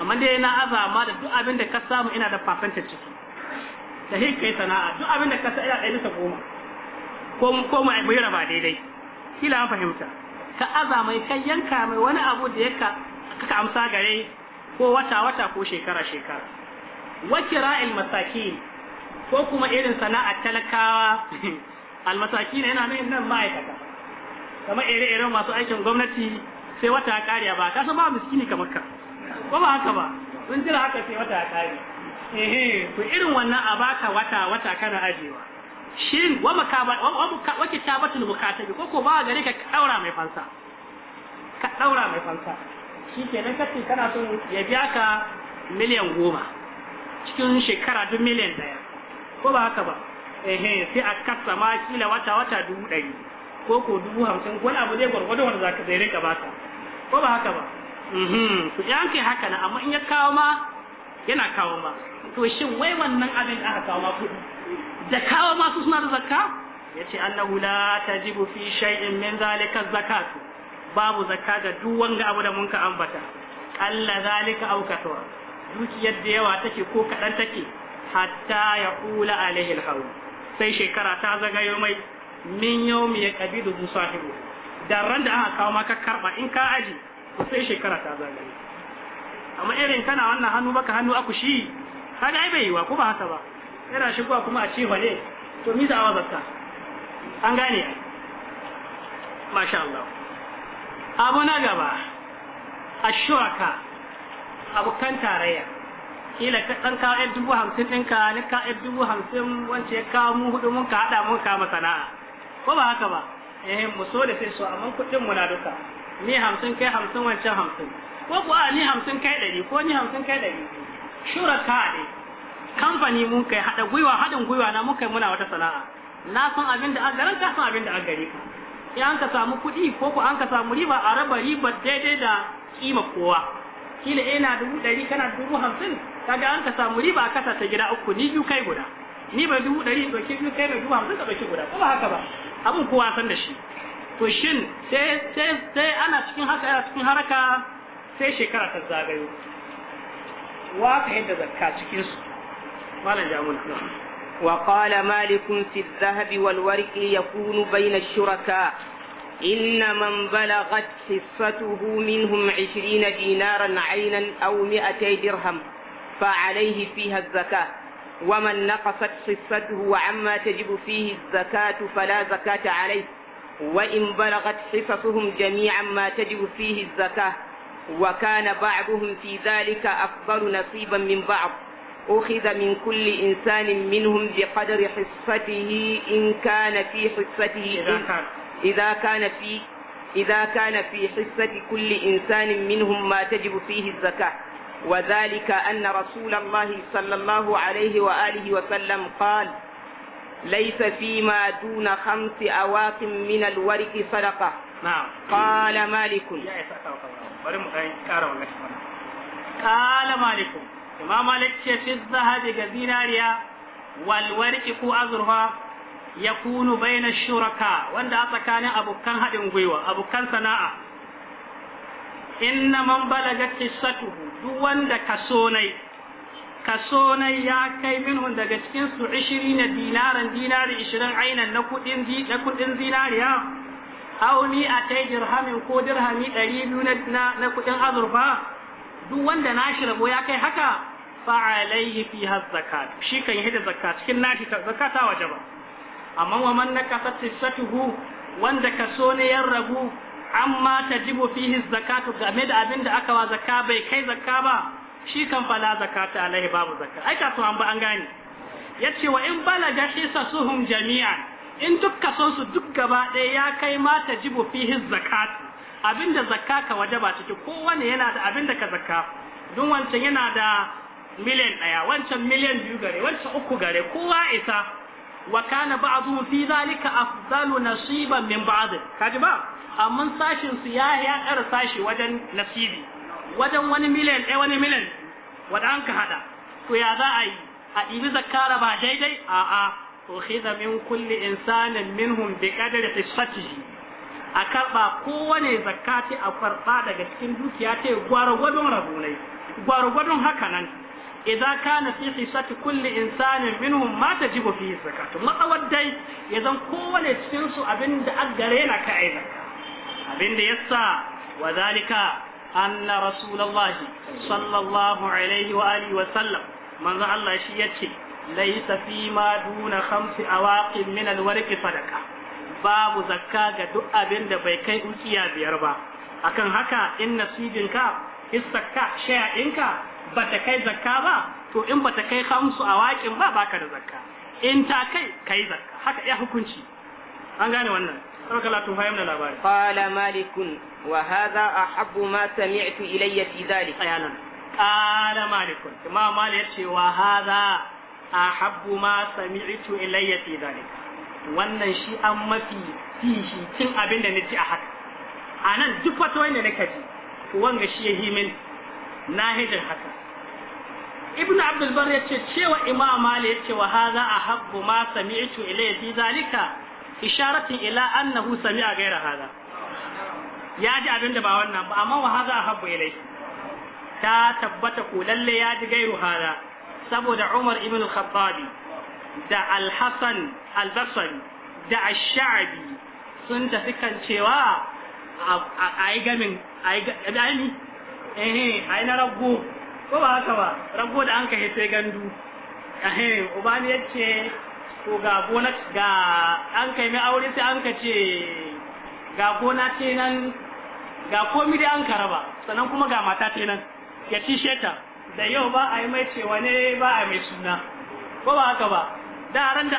amma dai na azama da duk abin da ka samu ina da fafantar ciki da hikai sana'a duk abin da ka sa ina ɗaya bisa goma ko ko mai bai raba daidai kila an fahimta ka azama kai yanka mai wani abu da ya ka amsa gare ko wata wata ko shekara shekara wa kira'il masakin ko kuma irin sana'a talakawa <laughs> almasakin yana nan nan ma'aikata kamar ire-iren masu aikin gwamnati sai wata ya kare ba ka san ba miskini kamar ka ko ba haka ba sun jira haka sai wata ya kare ehe to irin wannan a baka wata wata kana ajewa shin wa makaba wa kitabatul mukatabi ko ko ba gare ka daura mai fansa ka daura mai fansa shi shikenan kace kana son ya biya ka miliyan goma cikin shekara duk miliyan daya ko ba haka ba ehe sai a kasa ma kila wata wata dubu ɗari ko ko dubu hamsin wani abu zai gwargwado wanda ka zai rika ka ko ba haka ba su ya ke haka na amma in ya kawo ma yana kawo ma to shin wai wannan abin aka kawo ma kuɗi da kawo ma su suna da zakka ya ce annahu la tajibu fi shay'in min zalika zakatu babu zakka ga duk wanga abu da mun ka ambata qalla zalika aw dukiyar da yawa take ko kaɗan take hatta ya hula alaihi alhawu sai shekara ta zagayo mai min yawmi ya qabidu bu sahibu da ran da aka kawo maka karba in ka aji to sai shekara ta zagayo amma irin kana wannan hannu baka hannu aku shi kaga ai bai wa ko ba haka ba yana shigowa kuma a ce ne to mi da awazarta an gane masha Allah abu na gaba ashuraka abokan tarayya kila ka san ka yan dubu hamsin ɗinka ni ka yan dubu hamsin wance ya kawo mu hudu mun ka haɗa mun kama sana'a ko ba haka ba eh mu so da sai so amma kuɗin mu na duka ni hamsin kai hamsin wancan hamsin ko ko ni hamsin kai ɗari ko ni hamsin kai ɗari shura ka ne kamfani mun kai haɗa gwiwa haɗin gwiwa na mun kai muna wata sana'a na san abin da an garanta, san abin da an gari. ka in an ka samu kuɗi ko ko an ka samu riba a raba riba daidai da kima kowa kila ina dubu ɗari kana dubu hamsin kaga an ka samu riba a kasa ta gida uku ni biyu kai guda ni ba dubu ɗari ɗauki biyu kai mai dubu hamsin ka ɗauki guda ko ba haka ba abin kowa san da shi to shin sai sai ana cikin haka ana cikin haraka sai shekara ta zagayo wa ka yadda zakka cikin su malam jamun وقال مالك في الذهب والورق يكون بين الشركاء إن من بلغت حصته منهم عشرين دينارا عينا أو مئتي درهم فعليه فيها الزكاة ومن نقصت حصته عما تجب فيه الزكاة فلا زكاة عليه وإن بلغت حصصهم جميعا ما تجب فيه الزكاة وكان بعضهم في ذلك أفضل نصيبا من بعض أخذ من كل إنسان منهم بقدر حصته إن كان في حصته إذا كان إذا كان في إذا كان في حصة كل إنسان منهم ما تجب فيه الزكاة وذلك أن رسول الله صلى الله عليه وآله وسلم قال ليس فيما دون خمس أواق من الورق صدقة نعم قال مالك قال مالك إمام مالك في الذهب والورق كو أزرها ya kunu bai na shuraka wanda a tsakanin abokan haɗin gwiwa abokan sana'a inna man balaga qissatuhu duk wanda kaso nai kaso nai ya kai minhun daga cikin su 20 dinaran dinari 20 ainan na kudin di na kudin zinariya aw ni atai dirhamin ko dirhami 200 na na kudin azurfa duk wanda na nashi rabo ya kai haka fa alaihi fi zakat shi kan yi da zakat cikin nashi zakata wajaba amma wa man nakasat tisatuhu wanda kaso ne ya ragu amma tajibu fihi zakatu game da abin da aka wa zakka bai kai zakka ba shi kan fala zakata alaihi babu zakka ai ka an ba an gane yace wa in balaga hisasuhum jami'an in duk kaso su duk gaba ɗaya ya kai ma tajibu fihi zakatu abinda zakka ka wajaba ciki kowanne yana da abinda ka zakka don wancan yana da miliyan ɗaya wancan miliyan biyu gare wancan uku gare kowa isa wa kana ba'dhum fi zalika afdalu nasiban min ba'd kaji ba amma sashin su ya ya kar sashi wajen nasibi wajen wani miliyan ɗaya eh, wani miliyan wanda an ka hada to ya za a yi a ɗibi zakara ba daidai a a to khidha min kulli insanin minhum bi qadri qissatihi a karba kowane zakati a farfa daga cikin dukiya ta gwargwadon rabonai gwadon haka nan idza kana fi hisati kulli insanin minhum ma tajibu fi zakatu matsawar dai ya kowane cikin su abinda an gare na ka ai zakka abinda yasa wa zalika anna rasulullahi sallallahu alaihi wa alihi wa sallam manzo Allah shi yace laysa fi ma duna khamsi awaqin min alwarq sadaqa babu zakka ga duk abinda bai kai ukiya biyar ba akan haka in nasibinka hissakka shay'inka ba ta kai zakka ba to in ba ta kai hamsu a wakin ba baka da zakka in ta kai kai zakka haka ya hukunci an gane wannan saboda la tun fahimna labari qala malikun wa hadha ahabbu ma sami'tu ilayya fi dhalik ayanan qala malikun imam malik yace wa hadha ahabbu ma sami'tu ilayya fi dhalik wannan shi an mafi fishi cin abin da naji a haka anan duk wata wanda nake ji wanga shi ya himin nahijin haka ibn abdul bar yace cewa imam mali ce wa a ahabbu ma sami'tu ilayhi fi zalika isharatin ila annahu sami'a ghayra hadha ya ji abin da ba wannan ba amma wa a ahabbu ilayhi ta tabbata ko lalle ya ji gairu hadha saboda umar ibn al-khattabi da al-hasan al-basri da ash-sha'bi sun tafi kan cewa a yi gamin a yi eh, eh, na rago ko ba haka ba rago da an ka hete gandu ahe ubani yace ce ko ga gona ga an kai mai aure sai an ka ce ga gona ce nan ga komi da an ka raba sannan kuma ga mata ce nan ya ci sheta da yau ba a yi mai cewa ne ba a yi mai suna ko ba haka ba da ran da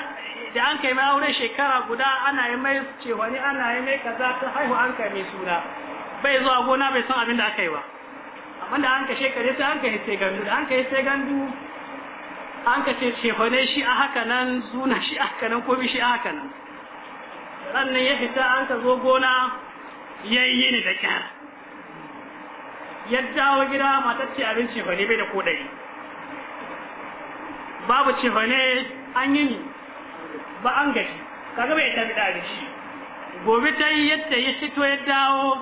da an kai mai aure shekara guda ana yi mai cewa ne ana yi mai kaza ta haihu an kai mai suna bai zuwa gona bai san abin da aka yi ba amma da an ka shekare sai an ka yi gandu da an ka yi gandu an ka ce shekwane shi a haka nan suna shi a haka nan komi shi a haka nan sannan ya fita an ka zo gona ya yi ni da kyar ya dawo gida matar ce abin shekwane bai da kodari babu shekwane an yi ni ba an gaji kaga bai tafi da shi gobe ta yi yadda ya fito ya dawo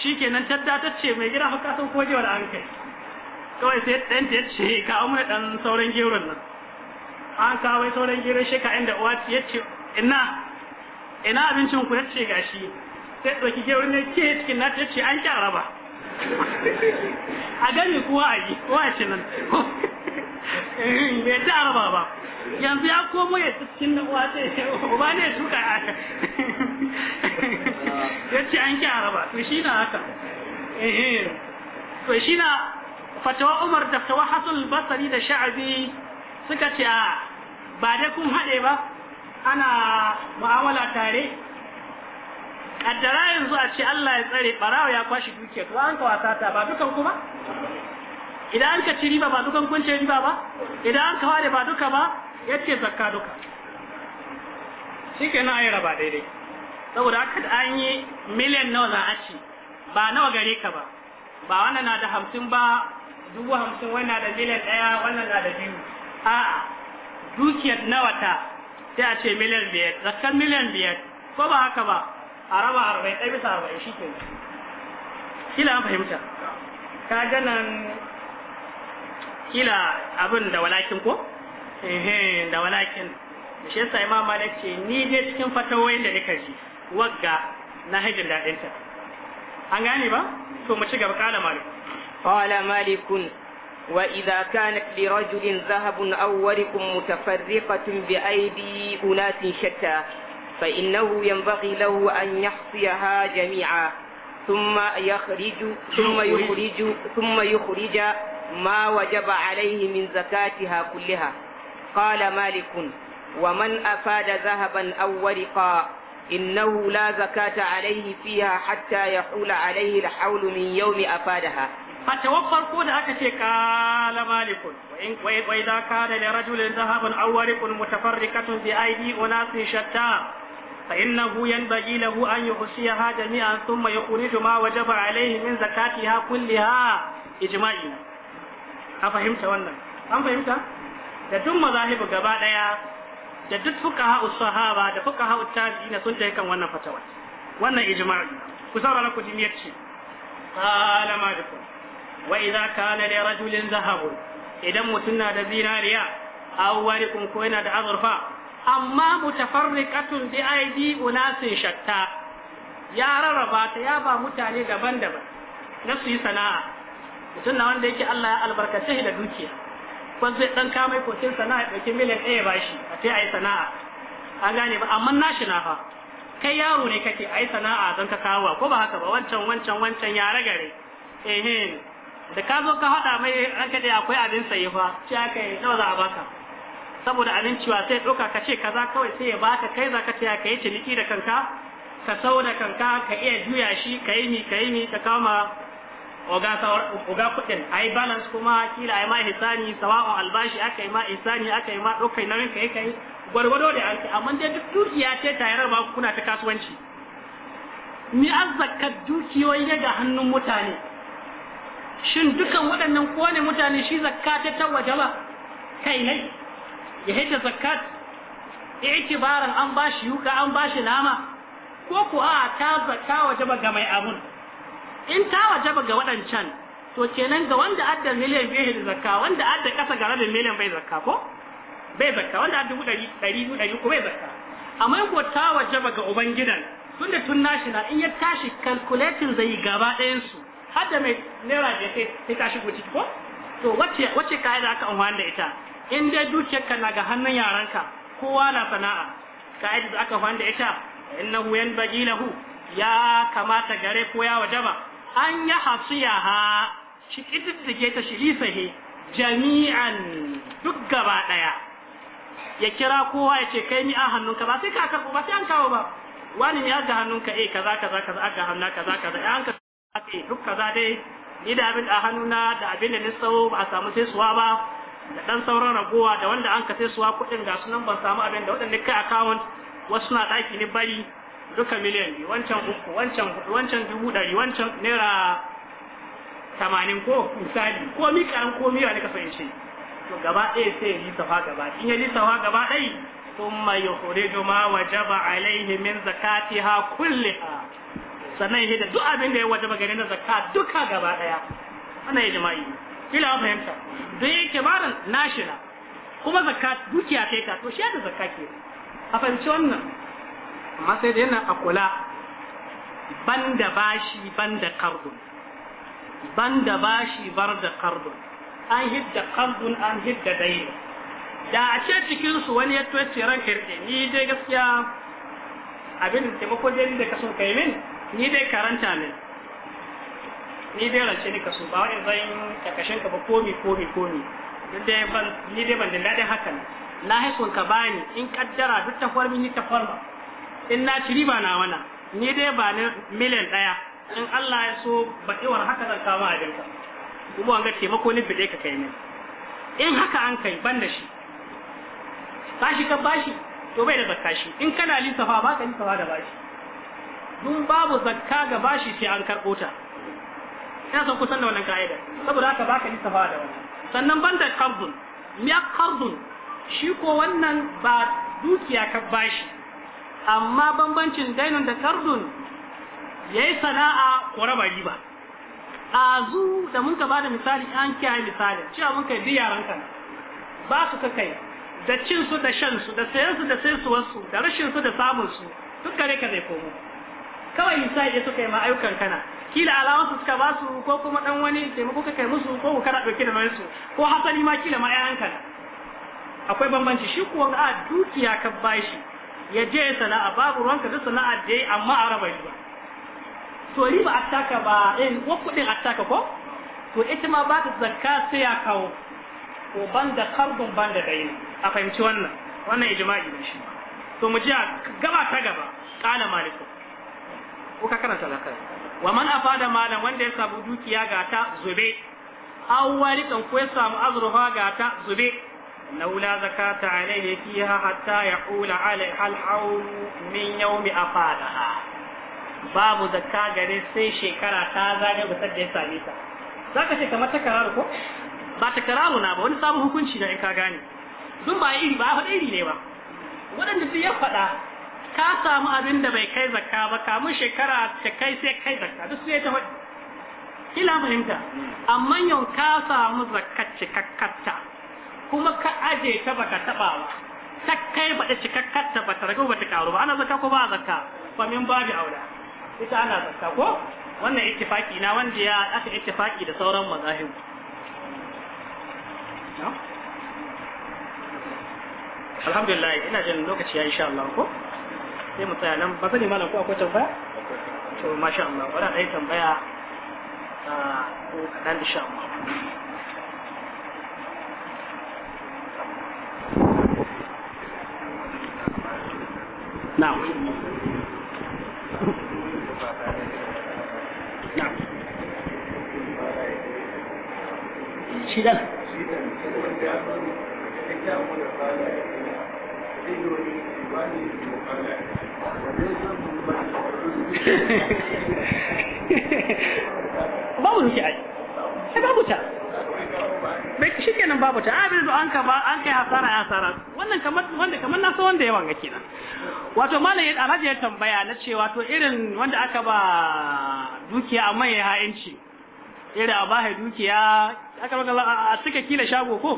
shikenan tadda ta ce mai gida fa ka san koje wala an kai kawai sai ɗanta ta ce ka da ɗan sauran geron nan an kawai sauran geron shi ka inda uwa ya ce ina ina abincin ku ya ce gashi sai ɗauki geron ne ke cikin na ta ce an kyara ba a gani kuwa a yi kuwa a ce nan bai ta araba ba yanzu ya komo ya cikin na uwa ce uba ne tuka yace an ki araba to shi na haka eh, eh. to shi na fatawa Umar da fatawa Hasan basri da Sha'bi suka ce a ba dai kun hade ba ana mu'amala tare kaddara yanzu a ce Allah ya tsare barawa ya kwashi dukiya to an kawata ta ba dukan kuma idan an ka ci riba ba dukan kun ce riba ba idan an kaware ba duka ba yace zakka duka shikenan ayi raba daidai saboda haka da an yi miliyan nawa za a ci ba nawa gare ka ba ba wannan na da hamsin ba dubu hamsin wannan da miliyan ɗaya wannan na da biyu a'a dukiyar nawa ta sai a ce miliyan biyar zakkan miliyan biyar ko ba haka ba a raba arba'in ɗaya bisa arba'in shi ke kila an fahimta ka ganan kila abin da walakin ko da walakin da shi yasa imam malik ce ni dai cikin fatawoyin da nika ji wagga na hajin daɗinta an gane ba to mu ci قال مالك وإذا كانت لرجل ذهب أو ورق متفرقة بأيدي أناس شتى فإنه ينبغي له أن يحصيها جميعا ثم يخرج ثم يخرج ثم يخرج ما وجب عليه من زكاتها كلها قال مالك ومن أفاد ذهبا أو ورقا إنه لا زكاة عليه فيها حتى يحول عليه الحول من يوم أفادها فتوفر كون أكتي قال مالك وإذا كان لرجل ذهب أو ورق متفرقة بأيدي أناس شتى فإنه ينبغي له أن يحصيها جميعا ثم يخرج ما وجب عليه من زكاتها كلها إجماعيا أفهمت wannan an فهمت؟ da duk mazahibu da duk ha sahaba da fuqaha na sun ta kan wannan fatawa wannan ijma'i ku saurara ku ji yace qala ku wa idza kana li rajulin zahabun idan mutum na da zinariya aw warikun ko yana da azurfa amma mutafarriqatun bi aidi unasin shatta ya rarraba ta ya ba mutane daban-daban na su yi sana'a mutum na wanda yake Allah ya albarkace da dukiya kwan zai dan kamai kokin sana'a da ɗauki miliyan ɗaya ba shi a ce a yi sana'a an gane ba amma na na fa kai yaro ne kake a yi sana'a don ka kawo ko ba haka ba wancan wancan wancan ya ragare ehe da ka zo ka haɗa mai ranka dai akwai abin saye fa ce aka yi nawa za a baka saboda abin ciwa sai ɗauka ka ce kaza kawai sai ya baka kai za ka taya ka yi ciniki da kanka ka sau da kanka ka iya juya shi ka yi mi ka yi mi ka kama oga sawar oga kudin ai balance kuma kila ai ma hisani sawa'un albashi akai ma hisani akai ma dokai nauyin kai kai gwargwado da alki amma dai duk dukiya ce tayar ba kuna ta kasuwanci ni azzakat dukiyoyi daga hannun mutane shin dukan waɗannan kone mutane shi zakka ta tawaje ba kai ne ya hita zakkat i'tibaran an bashi yuka an bashi nama ko ku a ta zakka waje ba ga mai abun in ta wajaba ga waɗancan to kenan ga wanda adda miliyan biyu da zakka wanda adda kasa ga rabin miliyan bai zakka ko bai zakka wanda adda dubu ɗari ɗari biyu ɗari ko bai zakka amma in ko ta wajaba ga ubangidan, tun tunda tun nashi na in ya tashi calculating zai gaba ɗayan su har da mai naira da sai sai ta shigo ciki ko to wacce wacce kayan aka amfani da ita in dai dukiyarka na ga hannun yaranka kowa na sana'a kayan da aka amfani da ita innahu yanbaghi lahu ya kamata gare ko ya wajaba an ya hasiyaha shi kididdige ta shi lisahe jami'an duk gaba ɗaya ya kira kowa ya ce kai ni a hannunka ba sai ka karɓo ba sai an kawo ba wani ne aga hannunka eh kaza kaza kaza aga hannunka kaza kaza eh an ka eh duk kaza dai ni da abin a hannuna da abin da ni tsawo ba a samu sai suwa ba da dan sauran ragowa da wanda an ka sai suwa kuɗin ga sunan ban samu abin da waɗanda kai account wasu na ɗaki ni bari duka miliyan ne wancan uku wancan hudu wancan dubu dari wancan naira tamanin ko misali ko mi karan ko miya ne ka sai ce to gaba ɗaya sai ya lissafa gaba in ya lissafa gaba ɗaya hore juma wa jaba alaihi min zakatiha kulliha sannan ya da duk abin da ya wajaba gare na zakka duka gaba ɗaya wannan ijma'i kila fahimta duk yake barin nashina kuma zakka dukiya kai ka to shi da zakka ke a fahimci wannan amma sai da yana a kula banda bashi banda kardun banda bashi bar da kardun an hidda kardun an hidda dai da a ce su wani ya tuwace ran kirɗe ni dai gaskiya abin da taimako dai da kaso kai min ni dai karanta min ni dai rance ni kaso ba wani zan kakashin ka ba komi komi komi ni dai ban da daɗin hakan na haifun ka bani in kaddara duk ta farmi ni ta farma in na ci riba na wana ni dai ba ni miliyan ɗaya in Allah ya so baɗewar haka zan kama a jinka kuma wanga taimako ni bide ka kai min in haka an kai ban da shi tashi ka bashi to bai da zakka shi in kana lissafa ba ka lissafa da bashi dun babu zakka ga bashi sai an karɓo ta ina son kusan da wannan ka'ida saboda haka ba ka lissafa da wannan sannan ban da kardun miya kardun shi ko wannan ba dukiya ka bashi amma bambancin dainun da kardun yi sana'a ko raba riba zu da mun ka bada misali an kiyaye misali cewa mun kai biya ranka ba su ka kai da cin su da shan su da sayan su da sayan su wasu da rashin su da samun su duk kare ka zai komo kawai misali ya suka yi ma ayyukan kana kila alawansu suka ba su ko kuma dan wani taimako ka kai musu ko kana dauke da su ko hasali ma kila ma ƴaƴan kana akwai bambanci shi kuwa a dukiya ka bashi ya je sana'a babu ruwanka da sana'a da yi amma a raba riba to riba a taka ba in ko kudin a taka ko to ita ma ba ta zakka sai ya kawo ko ban da karbun ban da dayin a fahimci wannan wannan ijma'i ne shi to mu ji gaba ta gaba kana maliku ko ka karanta zakar wa man afada malan wanda ya samu dukiya ga ta zube awwali ko ya samu azruha ga ta zube أنه لا زكاة عليه فيها حتى يحول عليها الحول من يوم أفادها babu zakka gare sai shekara ta zagaye ba sadda ya same ta zaka ce kamar takararu ko ba takararu na ba wani samun hukunci na in ka gane dun ba iri ba faɗa iri ne ba waɗanda duk ya faɗa ka samu abin da bai kai zakka ba kamun shekara ta kai sai kai zakka duk sai ta faɗi kila fahimta amma yau ka samu zakkar cikakkarta kuma ka aje ta baka taba ba ta kai ba da cikakkar ta ba ta rago ba ta karu ba ana zakka ko ba zaka fa min babi aula ita ana zaka ko wannan ittifaki na wanda ya aka ittifaki da sauran mazahib alhamdulillah ina jin lokaci ya insha Allah ko sai mu tsaya nan ba sani malam ko akwai tambaya to masha Allah wannan dai tambaya ah, ko kadan insha Allah na'am na'am shidan <laughs> babu bai shi kenan babu ta abin ah, da an ka ba an kai hasara ya hasara wannan kamar wanda kamar na so wanda ya wanga kina. wato malam ya alhaji ya tambaya na ce wato irin wanda aka ba dukiya amma ya ha'inci irin a bahe dukiya aka a cika kila shago ko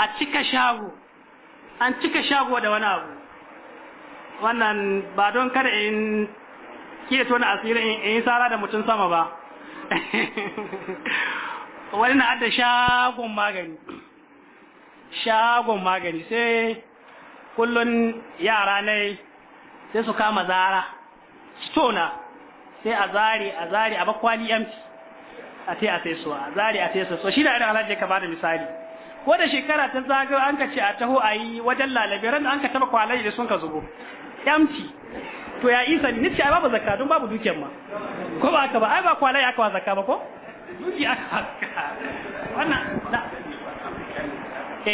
a cika shago an cika shago da wani abu wannan ba don kada in kila tona asirin in yi sara da mutum sama ba <laughs> wani na adda shagon magani shagon magani sai kullun yara ne sai su kama zara stona sai a zari a zari a bakwali yamci a sai a sai su a zari a sai so shi da irin halar da ka bada misali ko da shekara ta zagayo an ka ce a taho a yi wajen lalabe ran an ka taba kwalai da sun ka zubo yamci to ya isa ni ce ai babu zakka don babu dukiyar ma ko ba ka ba ai ba kwalai aka wa zakka ba ko dubi aka haska wannan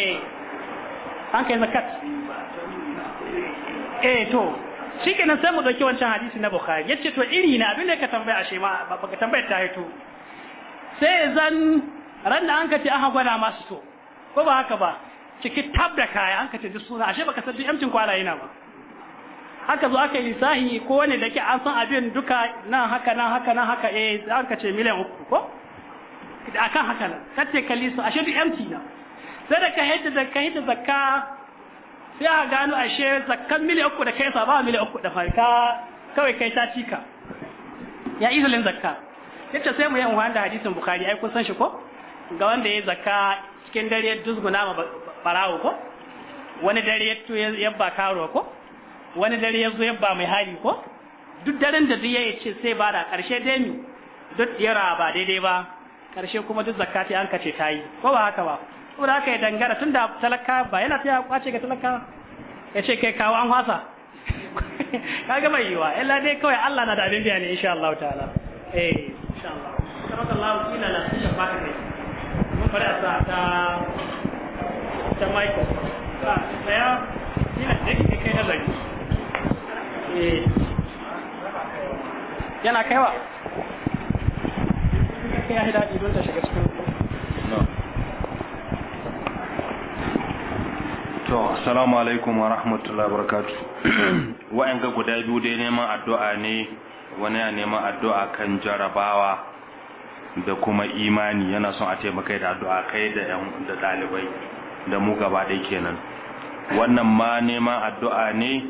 eh. an kai zakat E, to shikenan sai mu ɗauki wancan hadisi na bukhari yace to iri na abinda ka tambaya ashe ma baka tambaya ta hito sai zan ran da an ka ce aka gwada masu to ko ba haka ba ciki tab da kaya an ka ce duk suna ashe baka san duk yamcin kwara yana ba haka zo aka yi lisahi ko wani da ke an san abin duka nan haka nan haka nan haka eh an ka ce miliyan uku ko da akan haka nan kace kalli su ashe duk empty na sai da ka hidda da ka hidda zakka sai a gano ashe zakkan mili uku da kai saba mili uku da farka kawai kai ta cika ya lin zakka yace sai mu yi uwan da hadisin bukhari ai kun san shi ko ga wanda ya zakka cikin dare dusguna ma barawo ko wani dare ya to ba karo ko wani dare ya zo ba mai hali ko duk daren da duk yace ce sai ba da karshe dai mi duk yara ba daidai ba karshe kuma duk zakati an kace ta yi ko ba haka ba saboda haka ya dangara tun da talaka ba yana ta kwace ga talaka ya ce kai kawo an hwasa <laughs> kaga mai yiwa illa dai kawai Allah na da abin biya ne insha Allah ta'ala eh insha Allah tabaraka Allah ila la shafa ba ne mun fara sa ta ta Michael ba saya ina da kike kai nazari eh yana kaiwa hakan ya assalamu alaikum wa rahmatullahi wa barakatu <clears throat> ga guda biyu dai neman addu'a ne wani ya neman addu'a kan jarabawa da kuma imani yana son a taimaka da addu'a kai da da ɗalibai da mu gaba ɗaya kenan wannan ma neman addu'a ne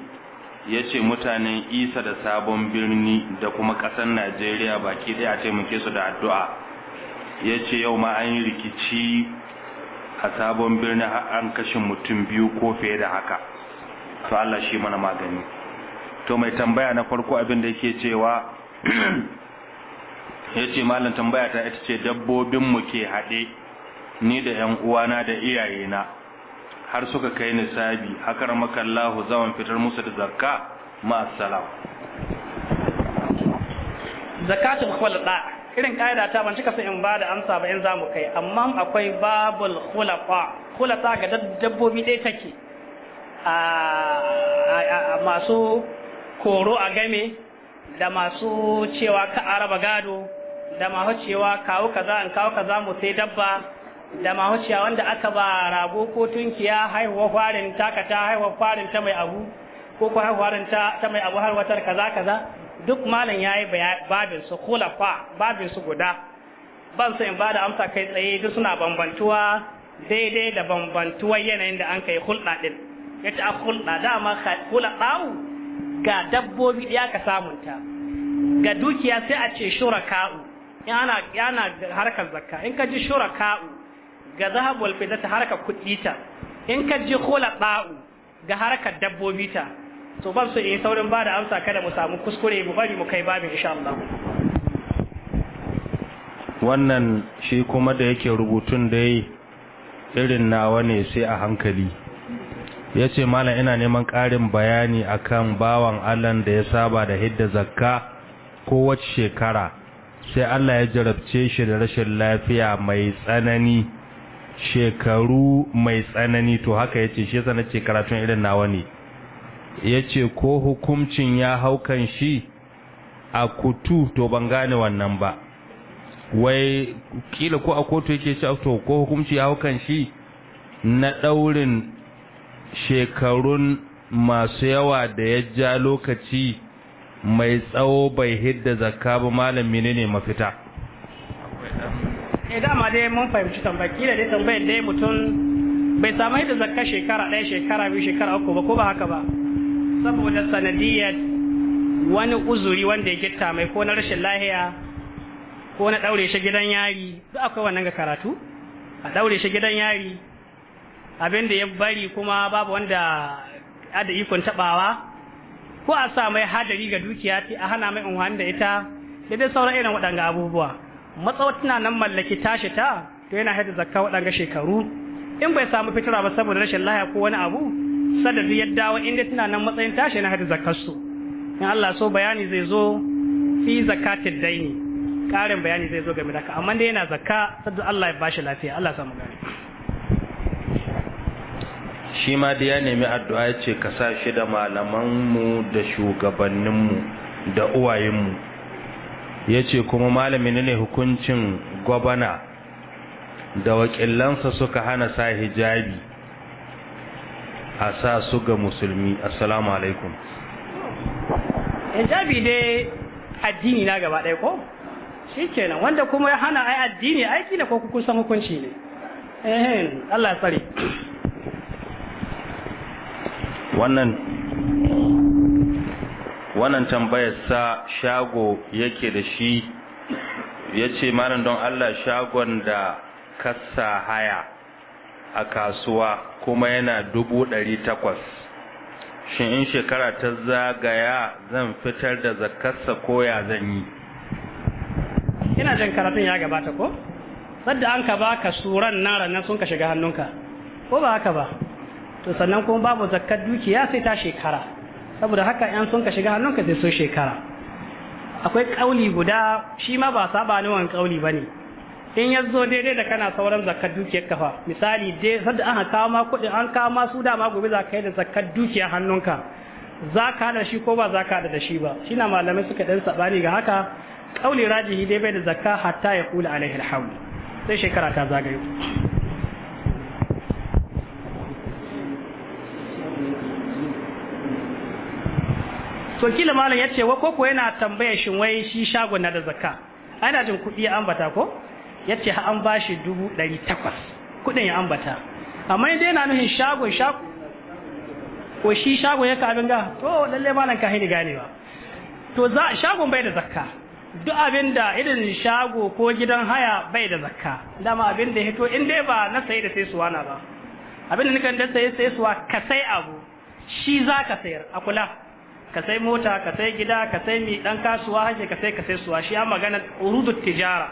ya ce mutanen isa da sabon birni da kuma ƙasar najeriya baki ɗaya a taimake su da addu'a ya ce yau ma an yi rikici a sabon birni an kashe mutum biyu ko fiye da haka to Allah shi mana magani to mai tambaya na farko abin da yake cewa <clears throat> ya ce malam tambaya ta ita ce dabbobinmu ke haɗe ni da ‘yan uwana da iyayena har suka kai nisabi hakar makallahu zawan fitar musu da zakka ma'asalam zakatul khulda irin ƙa'ida ta ban cika so in ba da amsa ba in za mu kai amma akwai babul khulafa khulafa ga dabbobi ɗaya take a masu koro a game da masu cewa ka araba gado da masu cewa kawo kaza an kawo kaza mu sai dabba da masu cewa wanda aka ba rago ko tunkiya haihuwa farin takata haihuwa farin ta mai abu ko ko haihuwa farin ta mai abu har watar kaza kaza duk malam yayi babin su kulafa babin su guda ban so in ba da amsa kai tsaye duk suna bambantuwa daidai da bambantuwar yanayin da an kai hulɗa ɗin ya ta hulɗa dama ɗawu ga dabbobi ya ka samunta ga dukiya sai a ce shuraka'u yana yana harkar zakka in ka ji ka'u ga zahabul fitata harkar kuɗi ta in ka ji ɗawu ga harkar dabbobi ta to ban su eh saurin ba da amsa kada mu samu kuskure mu bari mu kai babin insha Allah wannan shi kuma da yake rubutun da yi irin nawa ne sai a hankali ya ce malam ina neman ƙarin bayani akan bawan allan da ya saba da hidda zakka kowace shekara sai allah ya jarabce shi da rashin lafiya mai tsanani shekaru mai tsanani to haka ya ce shi yasa ce karatun irin nawa ne ya ce ko hukumcin ya haukan shi a kutu to ban gane wannan ba wai kila ko a kotu yake ce to ko hukumci ya haukan shi na ɗaurin shekarun masu yawa da ya ja lokaci mai tsawo bai hidda zakka ba malami ne mafita eh dama dai mun fahimci tambayar kila dai tambayar dai mutum bai samu yadda zakka shekara ɗaya shekara biyu shekara uku ba ko ba haka ba saboda sanadiyar wani uzuri wanda ya gitta mai ko na rashin lahiya ko na daure shi gidan yari duk akwai wannan ga karatu a daure shi gidan yari abin da ya bari kuma babu wanda ada ikon tabawa ko a sa mai hadari ga dukiya a hana mai unhan da ita da dai sauran irin waɗanga abubuwa matsawar tana nan mallaki tashi ta to yana haɗa zakka waɗanga shekaru in bai samu fitira ba saboda rashin lahiya ko wani abu sadda ya dawo inda tana nan matsayin tashi na hada zakar su in Allah so bayani zai zo fi zakatul daini karin bayani zai zo game da ka amma dai yana zakka sadu Allah ya bashi lafiya Allah samu gani shi ma da ya nemi addu'a ya ce ka sa shi da malaman mu da shugabanninmu da uwayenmu ya ce kuma malami ne hukuncin gwabana da wakilansa suka hana sa hijabi a sa su ga musulmi assalamu alaikum hijabi dai addini na gaba ɗaya ko shi kenan wanda kuma ya hana ai addini aiki ne ko kusan hukunci ne eh Allah tsare wannan wannan tambayar sa shago yake da shi ya ce malam don Allah shagon da kasa haya a kasuwa kuma yana dubu ɗari takwas shi in shekara ta zagaya zan fitar da zakarsa koya zan yi ina jin karatun ya gabata ko sadda an ka baka suran nan ranar sun ka shiga hannunka ko ba haka ba to sannan kuma babu zakar dukiya sai ta shekara saboda haka yan sun ka shiga hannunka sai so shekara akwai kauli guda shi ma ba saba ne wani kauli ne. in ya zo daidai da kana sauran zakar dukiyar kafa misali dai sadda an ma kuɗin an kama su dama gobe za ka yi da zakar dukiyar hannunka za ka da shi ko ba za ka da shi ba shi na malamai suka ɗan saɓani ga haka ƙauli rajihi dai bai da zakka hatta ya kula alaihi alhamdu sai shekara ta zagayo to kila malam ya ce wa koko yana tambaya shin wai shi shagon na da zakka ana jin kuɗi ambata ko yace ha an bashi dubu ɗari takwas kuɗin ya ambata amma dai yana nuhin shagon shago ko shi shago ya kabin ga to lalle malan ka hini ganewa to shagon bai da zakka duk abinda irin shago ko gidan haya bai da zakka dama abin da hito in dai ba na sayi da sai suwa na ba abinda da nukan da saye sai suwa ka sai abu shi za ka sayar a kula ka sai mota ka sai gida ka sai mi dan kasuwa hake ka sai ka sai suwa shi ya magana urudut tijara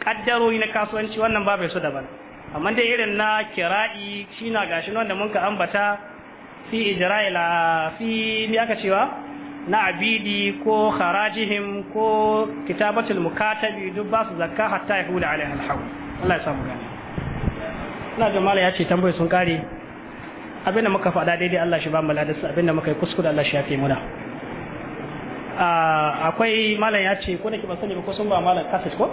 kaddarori na kasuwanci wannan babu su daban amma dai irin na kira'i shi na gashi wanda mun ka ambata fi ijra'ila fi ni aka cewa na abidi ko harajihim ko kitabatul mukatabi duk ba su zakka hatta ya hula alaihi alhawl Allah ya samu gani na ga mala ya ce tambayoyi sun kare abinda muka faɗa daidai Allah shi ba mu ladarsa abinda muka yi kuskure Allah shi ya fi muna ah, akwai malam ya ce ko da ke ba sani ba ko sun ba malam kaset ko